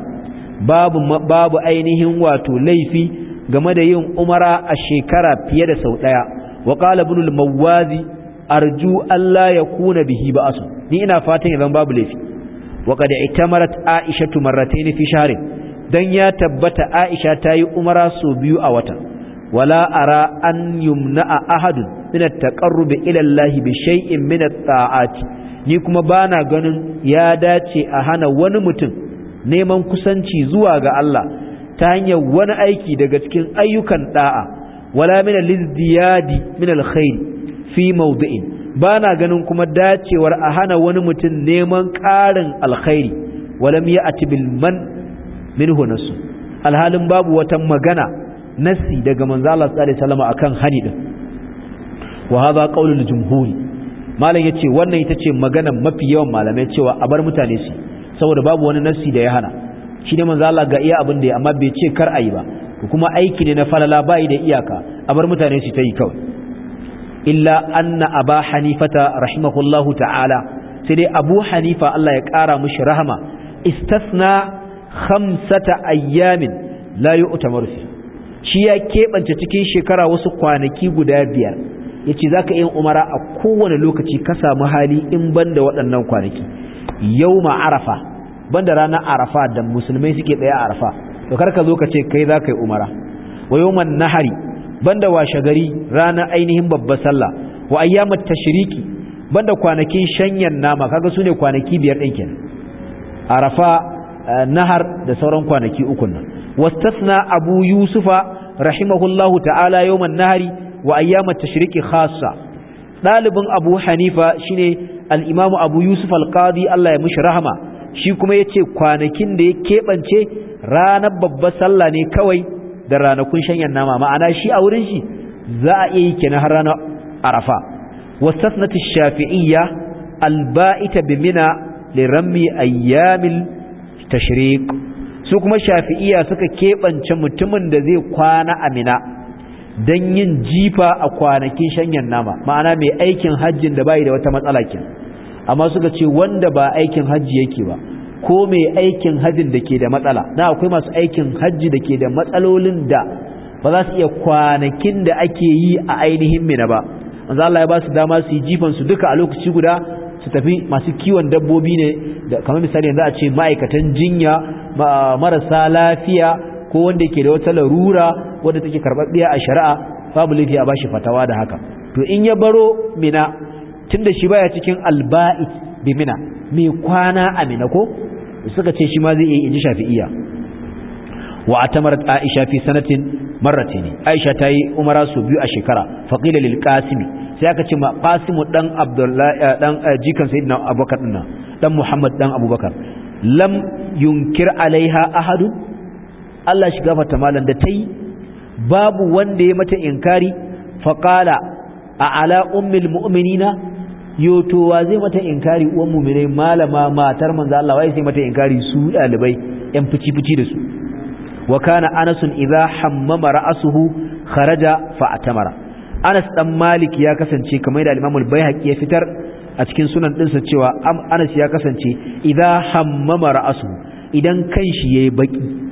babu babu ainihin wato laifi game da yin umara a shekara fiye da sau ɗaya. wa qala ibn al mawazi arju alla bihi ba'asu ni ina fatan idan babu laifi da ita itamarat aisha marratayn fi shahrin dan ya tabbata aisha ta yi umara sau biyu a wata wala ara an a ahadun من التقرب taqarrub الله بشيء من الطاعات ni kuma bana ganin ya dace a hana wani mutum neman kusanci zuwa ga Allah ta hanyar wani aiki daga cikin ayyukan da'a wala min al-izdiyadi min al-khair fi mawdi'in bana ganin kuma dacewar a hana wani mutum neman ƙarin alkhairi walam ya'ti bil man minhu nasu alhalin babu wata magana nasi daga manzo Allah sallallahu alaihi wasallam akan hani din wahaza hadha qaulul jumhuri malam ce wannan ita ce magana mafi yawan malamai cewa a bar mutane su saboda babu wani nassi da ya hana shi ne manzo Allah ga iya abin da ya amma bai ce kar ayi ba kuma aiki ne na falala bai da iyaka a bar mutane su ta yi kawai illa anna aba hanifata rahimahullahu ta'ala sai dai abu hanifa Allah ya kara mushi rahama istasna khamsata ayyamin la yu'tamaru shi ya kebance cikin shekara wasu kwanaki guda biyar yace ka yin umara a kowane lokaci ka samu hali in ban da waɗannan kwanaki yau ma arafa ban da ranar arafa da musulmai suke ɗaya arafa to ka zo ka ce kai zaka yi umara wa yau yawman nahari da washe gari ranar ainihin babbar sallah wa ayyamat tashriki da kwanakin shanyan nama kaga su ne kwanaki biyar din kenan arafa eh, nahar da sauran kwanaki ukun nan wastasna abu yusufa rahimahullahu ta'ala yawman nahari wa ayyama tashriqi khassa dalibin Abu Hanifa shine al-Imam Abu Yusuf al-Qadi Allah ya mishi rahama shi kuma yace kwanakin da ya kebance ranar babbar sallah ne kawai da ranakun shanyan nama ma'ana shi a wurin shi za a iya yi kenan har ranar Arafa wastasnat ash-Shafi'iyya al-ba'ita bi Mina li rammi ayyamil tashriq su kuma Shafi'iyya suka kebance mutumin da zai kwana a Mina don yin jifa a kwanakin shanyan nama ma'ana mai aikin hajjin da bai da wata matsala kin amma suka ce wanda ba aikin hajji yake ba ko mai aikin hajjin da ke da matsala na akwai masu aikin hajji da ke da matsalolin da ba za su iya kwanakin da ake yi a ainihin mina ba manzo Allah ya ba su dama su yi jifan su duka a lokaci guda su tafi masu kiwon dabbobi ne da kamar misali yanzu a ce ma'aikatan jinya marasa lafiya ko wanda ke da wata larura wadda take karɓaɓɓiya a shari'a babu laifi a bashi fatawa da haka to in ya baro mina tunda shi baya cikin alba'i bi mina mai kwana a mina ko suka ce shi ma zai iya inji shafi'iya wa atamarat aisha fi sanatin marratin aisha ta yi umara su biyu a shekara faqila lil qasimi sai aka ce ma qasimu dan abdullahi dan eh, eh, jikan sayyidina abubakar dan muhammad dan abubakar lam yunkir alaiha ahadu Allah shi gafarta malam da ta yi babu wanda ya mata inkari faƙala a ala ummil mu'minina yoto wa zai mata inkari uwan mu'minai malama matar manzo Allah wai sai mata inkari su dalibai yan fici fici da su wa kana Anas idza hammama ra'suhu kharaja fatamara Anas dan Malik ya kasance kamar da Imam al-Baihaqi ya fitar a cikin sunan dinsa cewa Anas ya kasance idza hammama ra'suhu idan kanshi yayi baki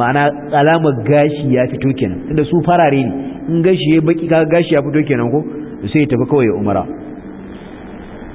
ma'ana alamar gashi ya fito kenan tunda su farare ne in gashi ya baki kaga gashi ya fito kenan ko sai ya tafi kawai ya umara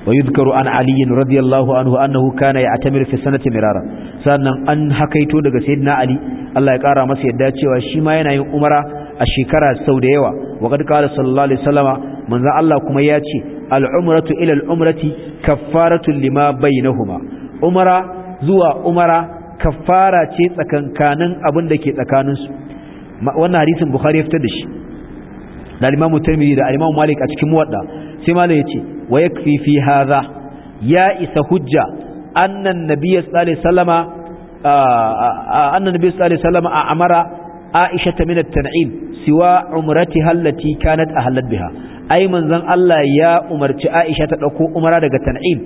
ويذكر عن علي رضي الله عنه أنه ya يعتمر fi sanati mirara sannan an hakaito daga sayyidina ali Allah ya kara masa yadda cewa shi ma yana yin umara a shekara sau da yawa wa kad qala sallallahu alaihi wasallama manzo Allah kuma ya ce al umratu ila al umrati kaffaratu lima bainahuma umara zuwa umara kafara ce tsakankanin abin da ke tsakaninsu wannan hadisin bukhari ya fitar da shi da alimamu tirmidhi da alimamu malik a cikin muwadda sai malam ya ce wa yakfi fi haza. ya isa hujja annan nabiyyu sallallahu alaihi wasallama annan nabiyyu sallallahu alaihi a amara Aisha ta minat tan'im siwa umrati hallati kanat ahlat biha ai manzon Allah ya umarci Aisha ta dauko umara daga tan'im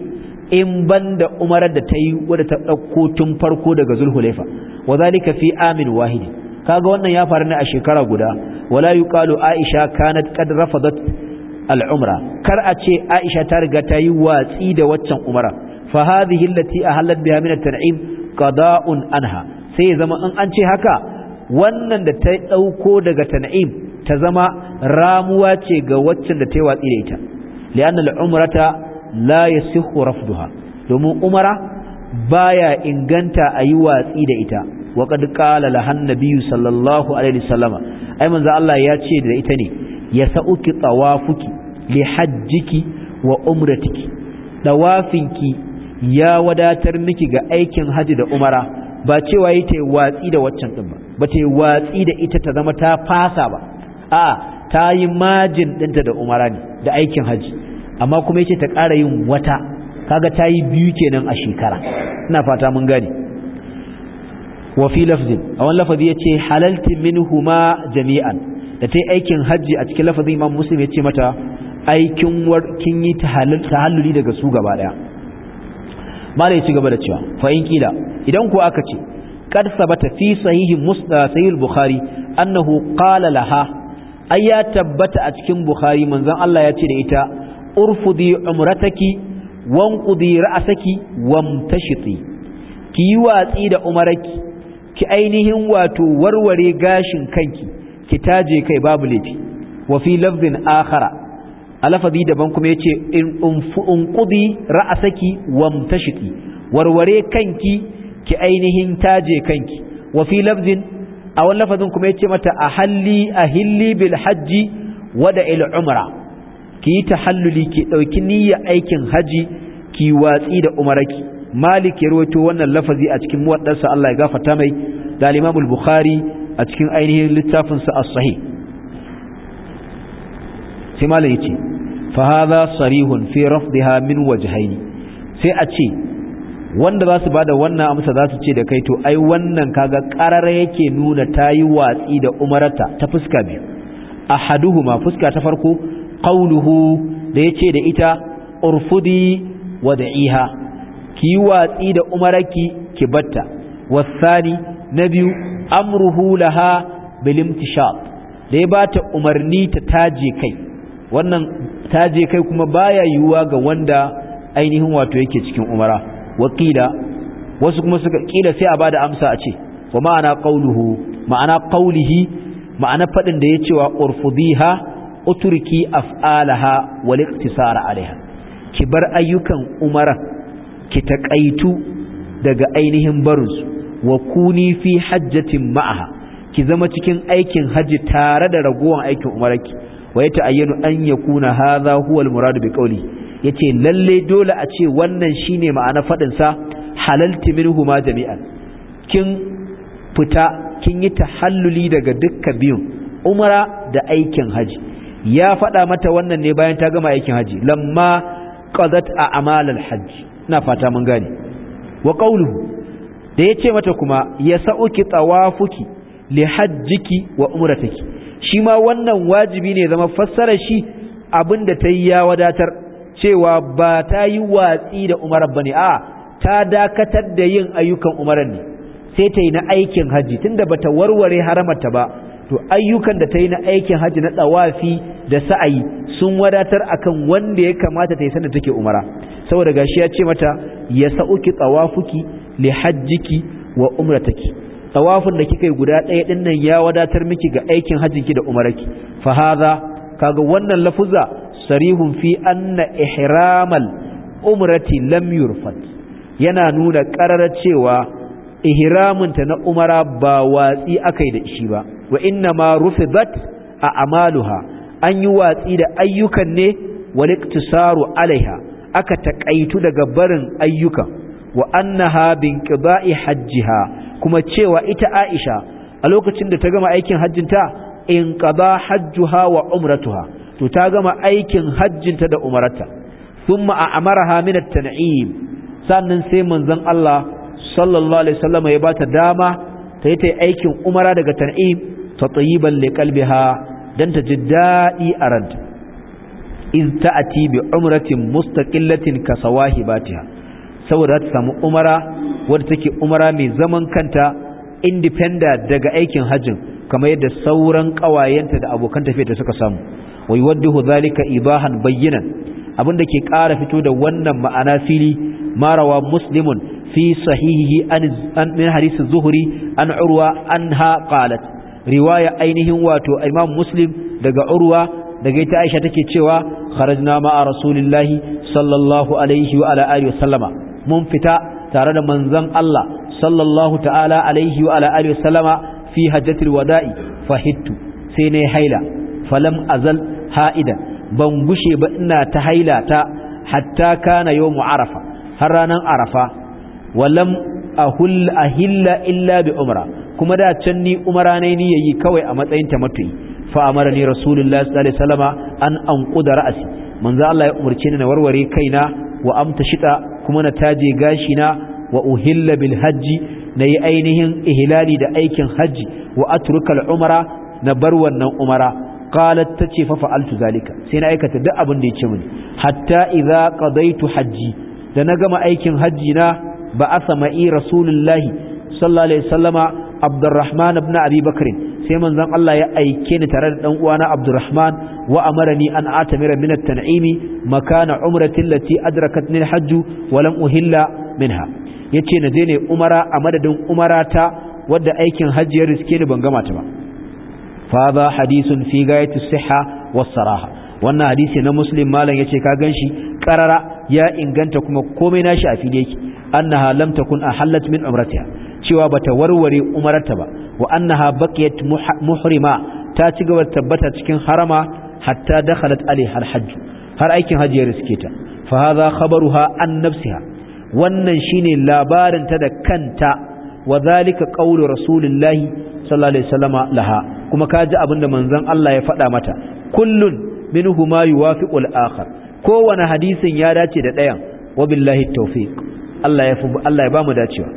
in banda umarar da ta yi wadda ta ɗauko tun farko daga zulhulaifa wa zalika fi amin wahidi kaga wannan ya faru ne a shekara guda wala yuqalu aisha kanat qad rafadat al-umra kar a ce aisha ta riga ta yi watsi da waccan umara fa hadhihi allati ahallat biha min at-tan'im qada'un anha sai zama in an ce haka wannan da ta ɗauko daga tan'im ta zama ramuwa ce ga waccan da ta yi watsi da ita li'anna al-umrata la yasihu rafduha domin umara baya inganta a yi watsi da ita wa qad qala lahan nabiyyu sallallahu alaihi wasallama ai manzo Allah ya ce da ita ne ya sa'uki tawafuki li hajjiki wa umratiki dawafinki ya wadatar miki ga aikin haji da umara ba cewa yi ta watsi da waccan din ba ba ta watsi da ita ta zama ta fasa ba a ta yi majin ɗinta da umara ne da aikin haji amma kuma yace ta ƙara yin wata kaga ta yi biyu kenan a shekara ina fata mun gani. wa fi lafzin a wani lafazi yace halalti minhuma jami'an da ta aikin hajji a cikin lafazin imam muslim yace mata aikin war kin yi tahalluli daga su gaba daya malai ci gaba da cewa fa in kila idan ko aka ce kad sabata fi sahihi musnad ah, sahih bukhari annahu qala laha ayya ya tabbata a cikin bukhari manzon Allah ya ce da ita urfudi umrataki wanqudi ra'saki wamtashiti ki yi watsi da umaraki ki ainihin wato warware gashin kanki ki taje kai babu laifi wa fi lafzin akhara alafazi daban kuma yace in unqudi ra'saki wamtashiti warware kanki ki ainihin taje kanki wa fi lafzin a wani lafazin kuma yace mata ahalli ahilli bil hajji wada il umra ki yi tahalluli ki ɗauki niyya aikin haji ki watsi da umaraki malik ya rawaito wannan lafazi a cikin muwaddarsa Allah ya gafarta mai da al-Imam al-Bukhari a cikin ainihin littafin sa as-sahih sai malik yace fa hadha sarihun fi rafdha min wajhayn sai a ce wanda za su bada wannan amsa za su ce da kai to ai wannan kaga karara yake nuna tayi watsi da umarata ta fuska biyu ahaduhuma fuska ta farko qawluhu da yace da ita urfudi da'iha ki watsi da umaraki ki batta wasani nabiyu amruhu laha bil imtishab da ya bata umarni ta taje kai wannan taje kai kuma baya yiwuwa ga wanda ainihin wato yake cikin umara wakila wasu kuma suka kila sai a bada amsa a ce wa ma'ana qawluhu ma'ana qawlihi ma'ana fadin da ya cewa urfudiha uturki af'alaha wal iktisara alaiha ki bar ayyukan umara ki taƙaitu daga ainihin barus wa kuni fi hajjatin ma'aha ki zama cikin aikin haji tare da ragowan aikin umaraki wa yata ayyanu an yakuna hadha huwa al murad bi qawli yace lalle dole a ce wannan shine ma'ana fadin sa halalti minhuma jami'an kin fita kin yi tahalluli daga dukkan biyun umara da aikin haji ya faɗa mata wannan ne bayan ta gama aikin haji lamma qadat a amalal hajji ina fata mun gane wa qawluhu da yace mata kuma ya sa'uki tawafuki li hajjiki wa umratiki shi ma wannan wajibi ne zama fassarar shi abinda ta yi ya wadatar cewa ba ta yi watsi da umarar bane a ta dakatar da yin ayyukan umarar ne sai ta yi na aikin haji tunda bata warware haramarta ba to ayyukan da ta yi na aikin hajji na tsawafi da sa'ayi sun wadatar akan wanda ya kamata ta yi sanda take umara saboda gashi ya ce mata ya sa'uki tsawafuki li hajjiki wa umrataki tsawafin da kika yi guda ɗaya ɗin nan ya wadatar miki ga aikin hajjinki da umaraki fa kaga wannan lafuza sarihun fi anna ihramal umrati lam yurfat yana nuna ƙararar cewa ihraminta na umara ba watsi akai da shi ba wa inna ma bat a amaluha an yi watsi da ayyukan ne waliktisaru alaiha aka taƙaitu daga barin ayyukan wa annaha hajjiha kuma cewa ita Aisha a lokacin da ta gama aikin hajjinta in qada hajjuha wa umratuha to ta gama aikin hajjinta da umarata thumma a min at-tan'im sannan sai manzon Allah sallallahu alaihi wasallam ya bata dama ta yi ta aikin umara daga tan'im tatayiban li qalbiha dan ta ji daɗi a ranta iz ta'ati bi umratin mustaqillatin ka sawahibatiha saboda ta samu umara wadda take umara mai zaman kanta independent daga aikin hajjin kamar yadda sauran kawayenta da abokan da suka samu wai wadduhu zalika ibahan abin abinda ke ƙara fito da wannan ma'ana fili marawa muslimun fi sahihi an min hadisi zuhuri an urwa anha qalat riwaya ainihin wato imam muslim daga urwa daga ita aisha take cewa kharajna ma'a rasulillahi sallallahu alaihi wa ala alihi wasallama mun fita tare da manzon Allah sallallahu ta'ala alaihi wa ala alihi wasallama fi hajjatil wada'i fahittu sai ne haila falam azal ha'ida ban gushe ba ina ta haila ta hatta kana yawmu arafa har ranan arafa walam ahilla illa bi umra kuma da can ni umara ne ni yayi kawai a matsayin tamattu'i fa amara ni rasulullahi sallallahu alaihi wasallama an anquda ra'si manzo Allah ya umurce ni na warware kaina wa amta shita kuma na taje gashi na wa uhilla bil hajji na yi ainihin ihlali da aikin hajji wa atrukal umara na bar wannan umara qalat tace fa fa'altu zalika sai na aikata duk abin da yake mini hatta idza qadaitu hajji da na gama aikin hajji na a sama'i rasulullahi sallallahu alaihi wasallama abdurrahman ibn abi bakr sai manzon Allah ya aike ni tare da dan uwana abdurrahman wa amarani an atamira min at-tan'imi makana umrati allati adrakat al-hajj wa lam uhilla minha yace na je ne umara a madadin umarata wadda aikin hajji ya riske ni ban gama ta ba fa ba hadisun fi gayatu sihha was saraha wannan hadisi na muslim malam yace ka ganshi karara ya inganta kuma komai nashi a fili yake annaha lam takun ahallat min umratiha cewa bata warware umarta ba wa annaha baqiyat muhrima ta ci gaba tabbatar cikin harama hatta dakhalat alaiha alhajj har aikin hajji ya riske ta fa hadha khabaruha an nafsiha wannan shine labarin ta da kanta wa zalika qawlu rasulillahi sallallahu alaihi wasallama laha kuma kaji abinda manzon Allah ya faɗa mata kullun minhuma yuwafiqul akhar kowane hadisin ya dace da ɗayan wabillahi tawfiq Allah ya fi Allah ya bamu dacewa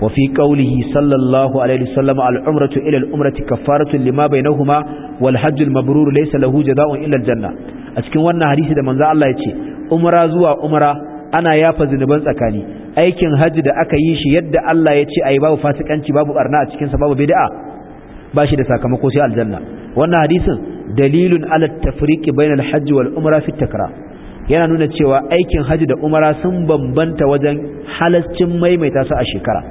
wa fi qawlihi sallallahu alaihi wasallam al-umratu ila al-umrati kafaratu lima bainahuma wal hajj al-mabrur laysa lahu jazaa'un illa al-janna a cikin wannan hadisi da manzo Allah ya ce umra zuwa umra ana yafa zinuban tsakani aikin hajji da aka yi shi yadda Allah ya ce ayi babu fasikanci babu barna a cikin sa babu bid'a ba shi da sakamako sai aljanna wannan hadisin dalilun ala tafriqi bainal hajji wal umra fi takrar yana nuna cewa aikin haji da umara sun bambanta wajen halascin maimaita su a shekara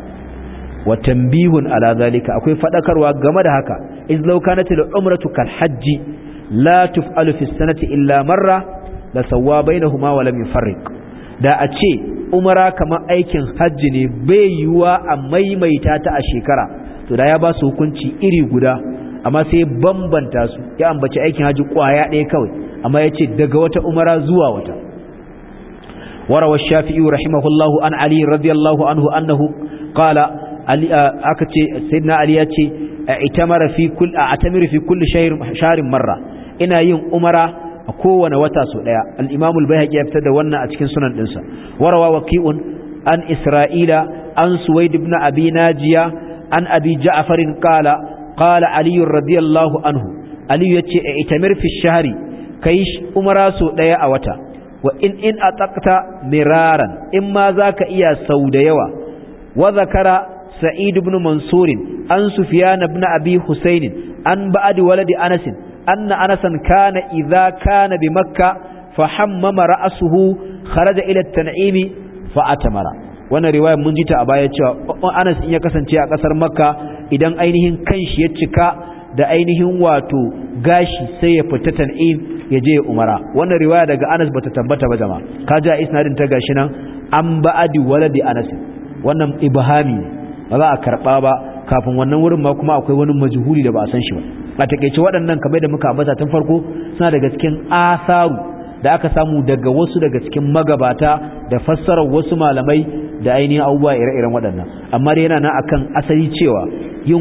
wa tambihun ala zalika akwai fadakarwa game da haka iz law kanat al umratu kal hajji la tuf'alu fi sanati illa marra la sawwa bainahuma wa lam yufarriq da a ce umara kamar aikin hajji ne bai yiwa a maimaita ta a shekara to da ya ba su hukunci iri guda amma sai bambanta su ya ambaci aikin hajji kwaya ɗaya kawai amma yace daga wata umara zuwa wata warawa shafi'i rahimahullahu an ali radiyallahu anhu annahu qala aka ce sayyidina ali yace itamara fi kull atamiru fi kulli marra ina yin umara a kowane wata so daya al-imam al-bayhaqi ya fitar da wannan a cikin sunan dinsa warawa waqi'un an isra'ila an suwaid ibn abi najiya an abi ja'far qala qala ali radiyallahu anhu ali yace itamir fi shari. yi umara sau ɗaya a wata wa in in a tsakta miraran in ma za ka iya sau da yawa wa zakara sa'id ibn mansurin an sufiyan ibn abi husainin an ba'ad waladi anasin anna anasan kana idza kana bi makka fa hammama ra'suhu kharaja ila at-tan'imi fa atamara wannan riwaya mun ji ta a baya cewa Anas in ya kasance a kasar Makka idan ainihin kanshi ya cika da ainihin wato gashi sai ya fita tan'in ya je umara wannan riwaya daga Anas bata tabbata ba jama ka ji isnadin ta gashi nan an ba'adi waladi Anas wannan ibhami ba za a karba ba kafin wannan wurin ma kuma akwai wani majhuli da ba a san shi ba a takeice waɗannan kamar da muka ambata tun farko suna daga cikin asaru da aka samu daga wasu daga cikin magabata da fassarar wasu malamai da ainihin abubuwa ire-iren waɗannan amma dai yana nan akan asali cewa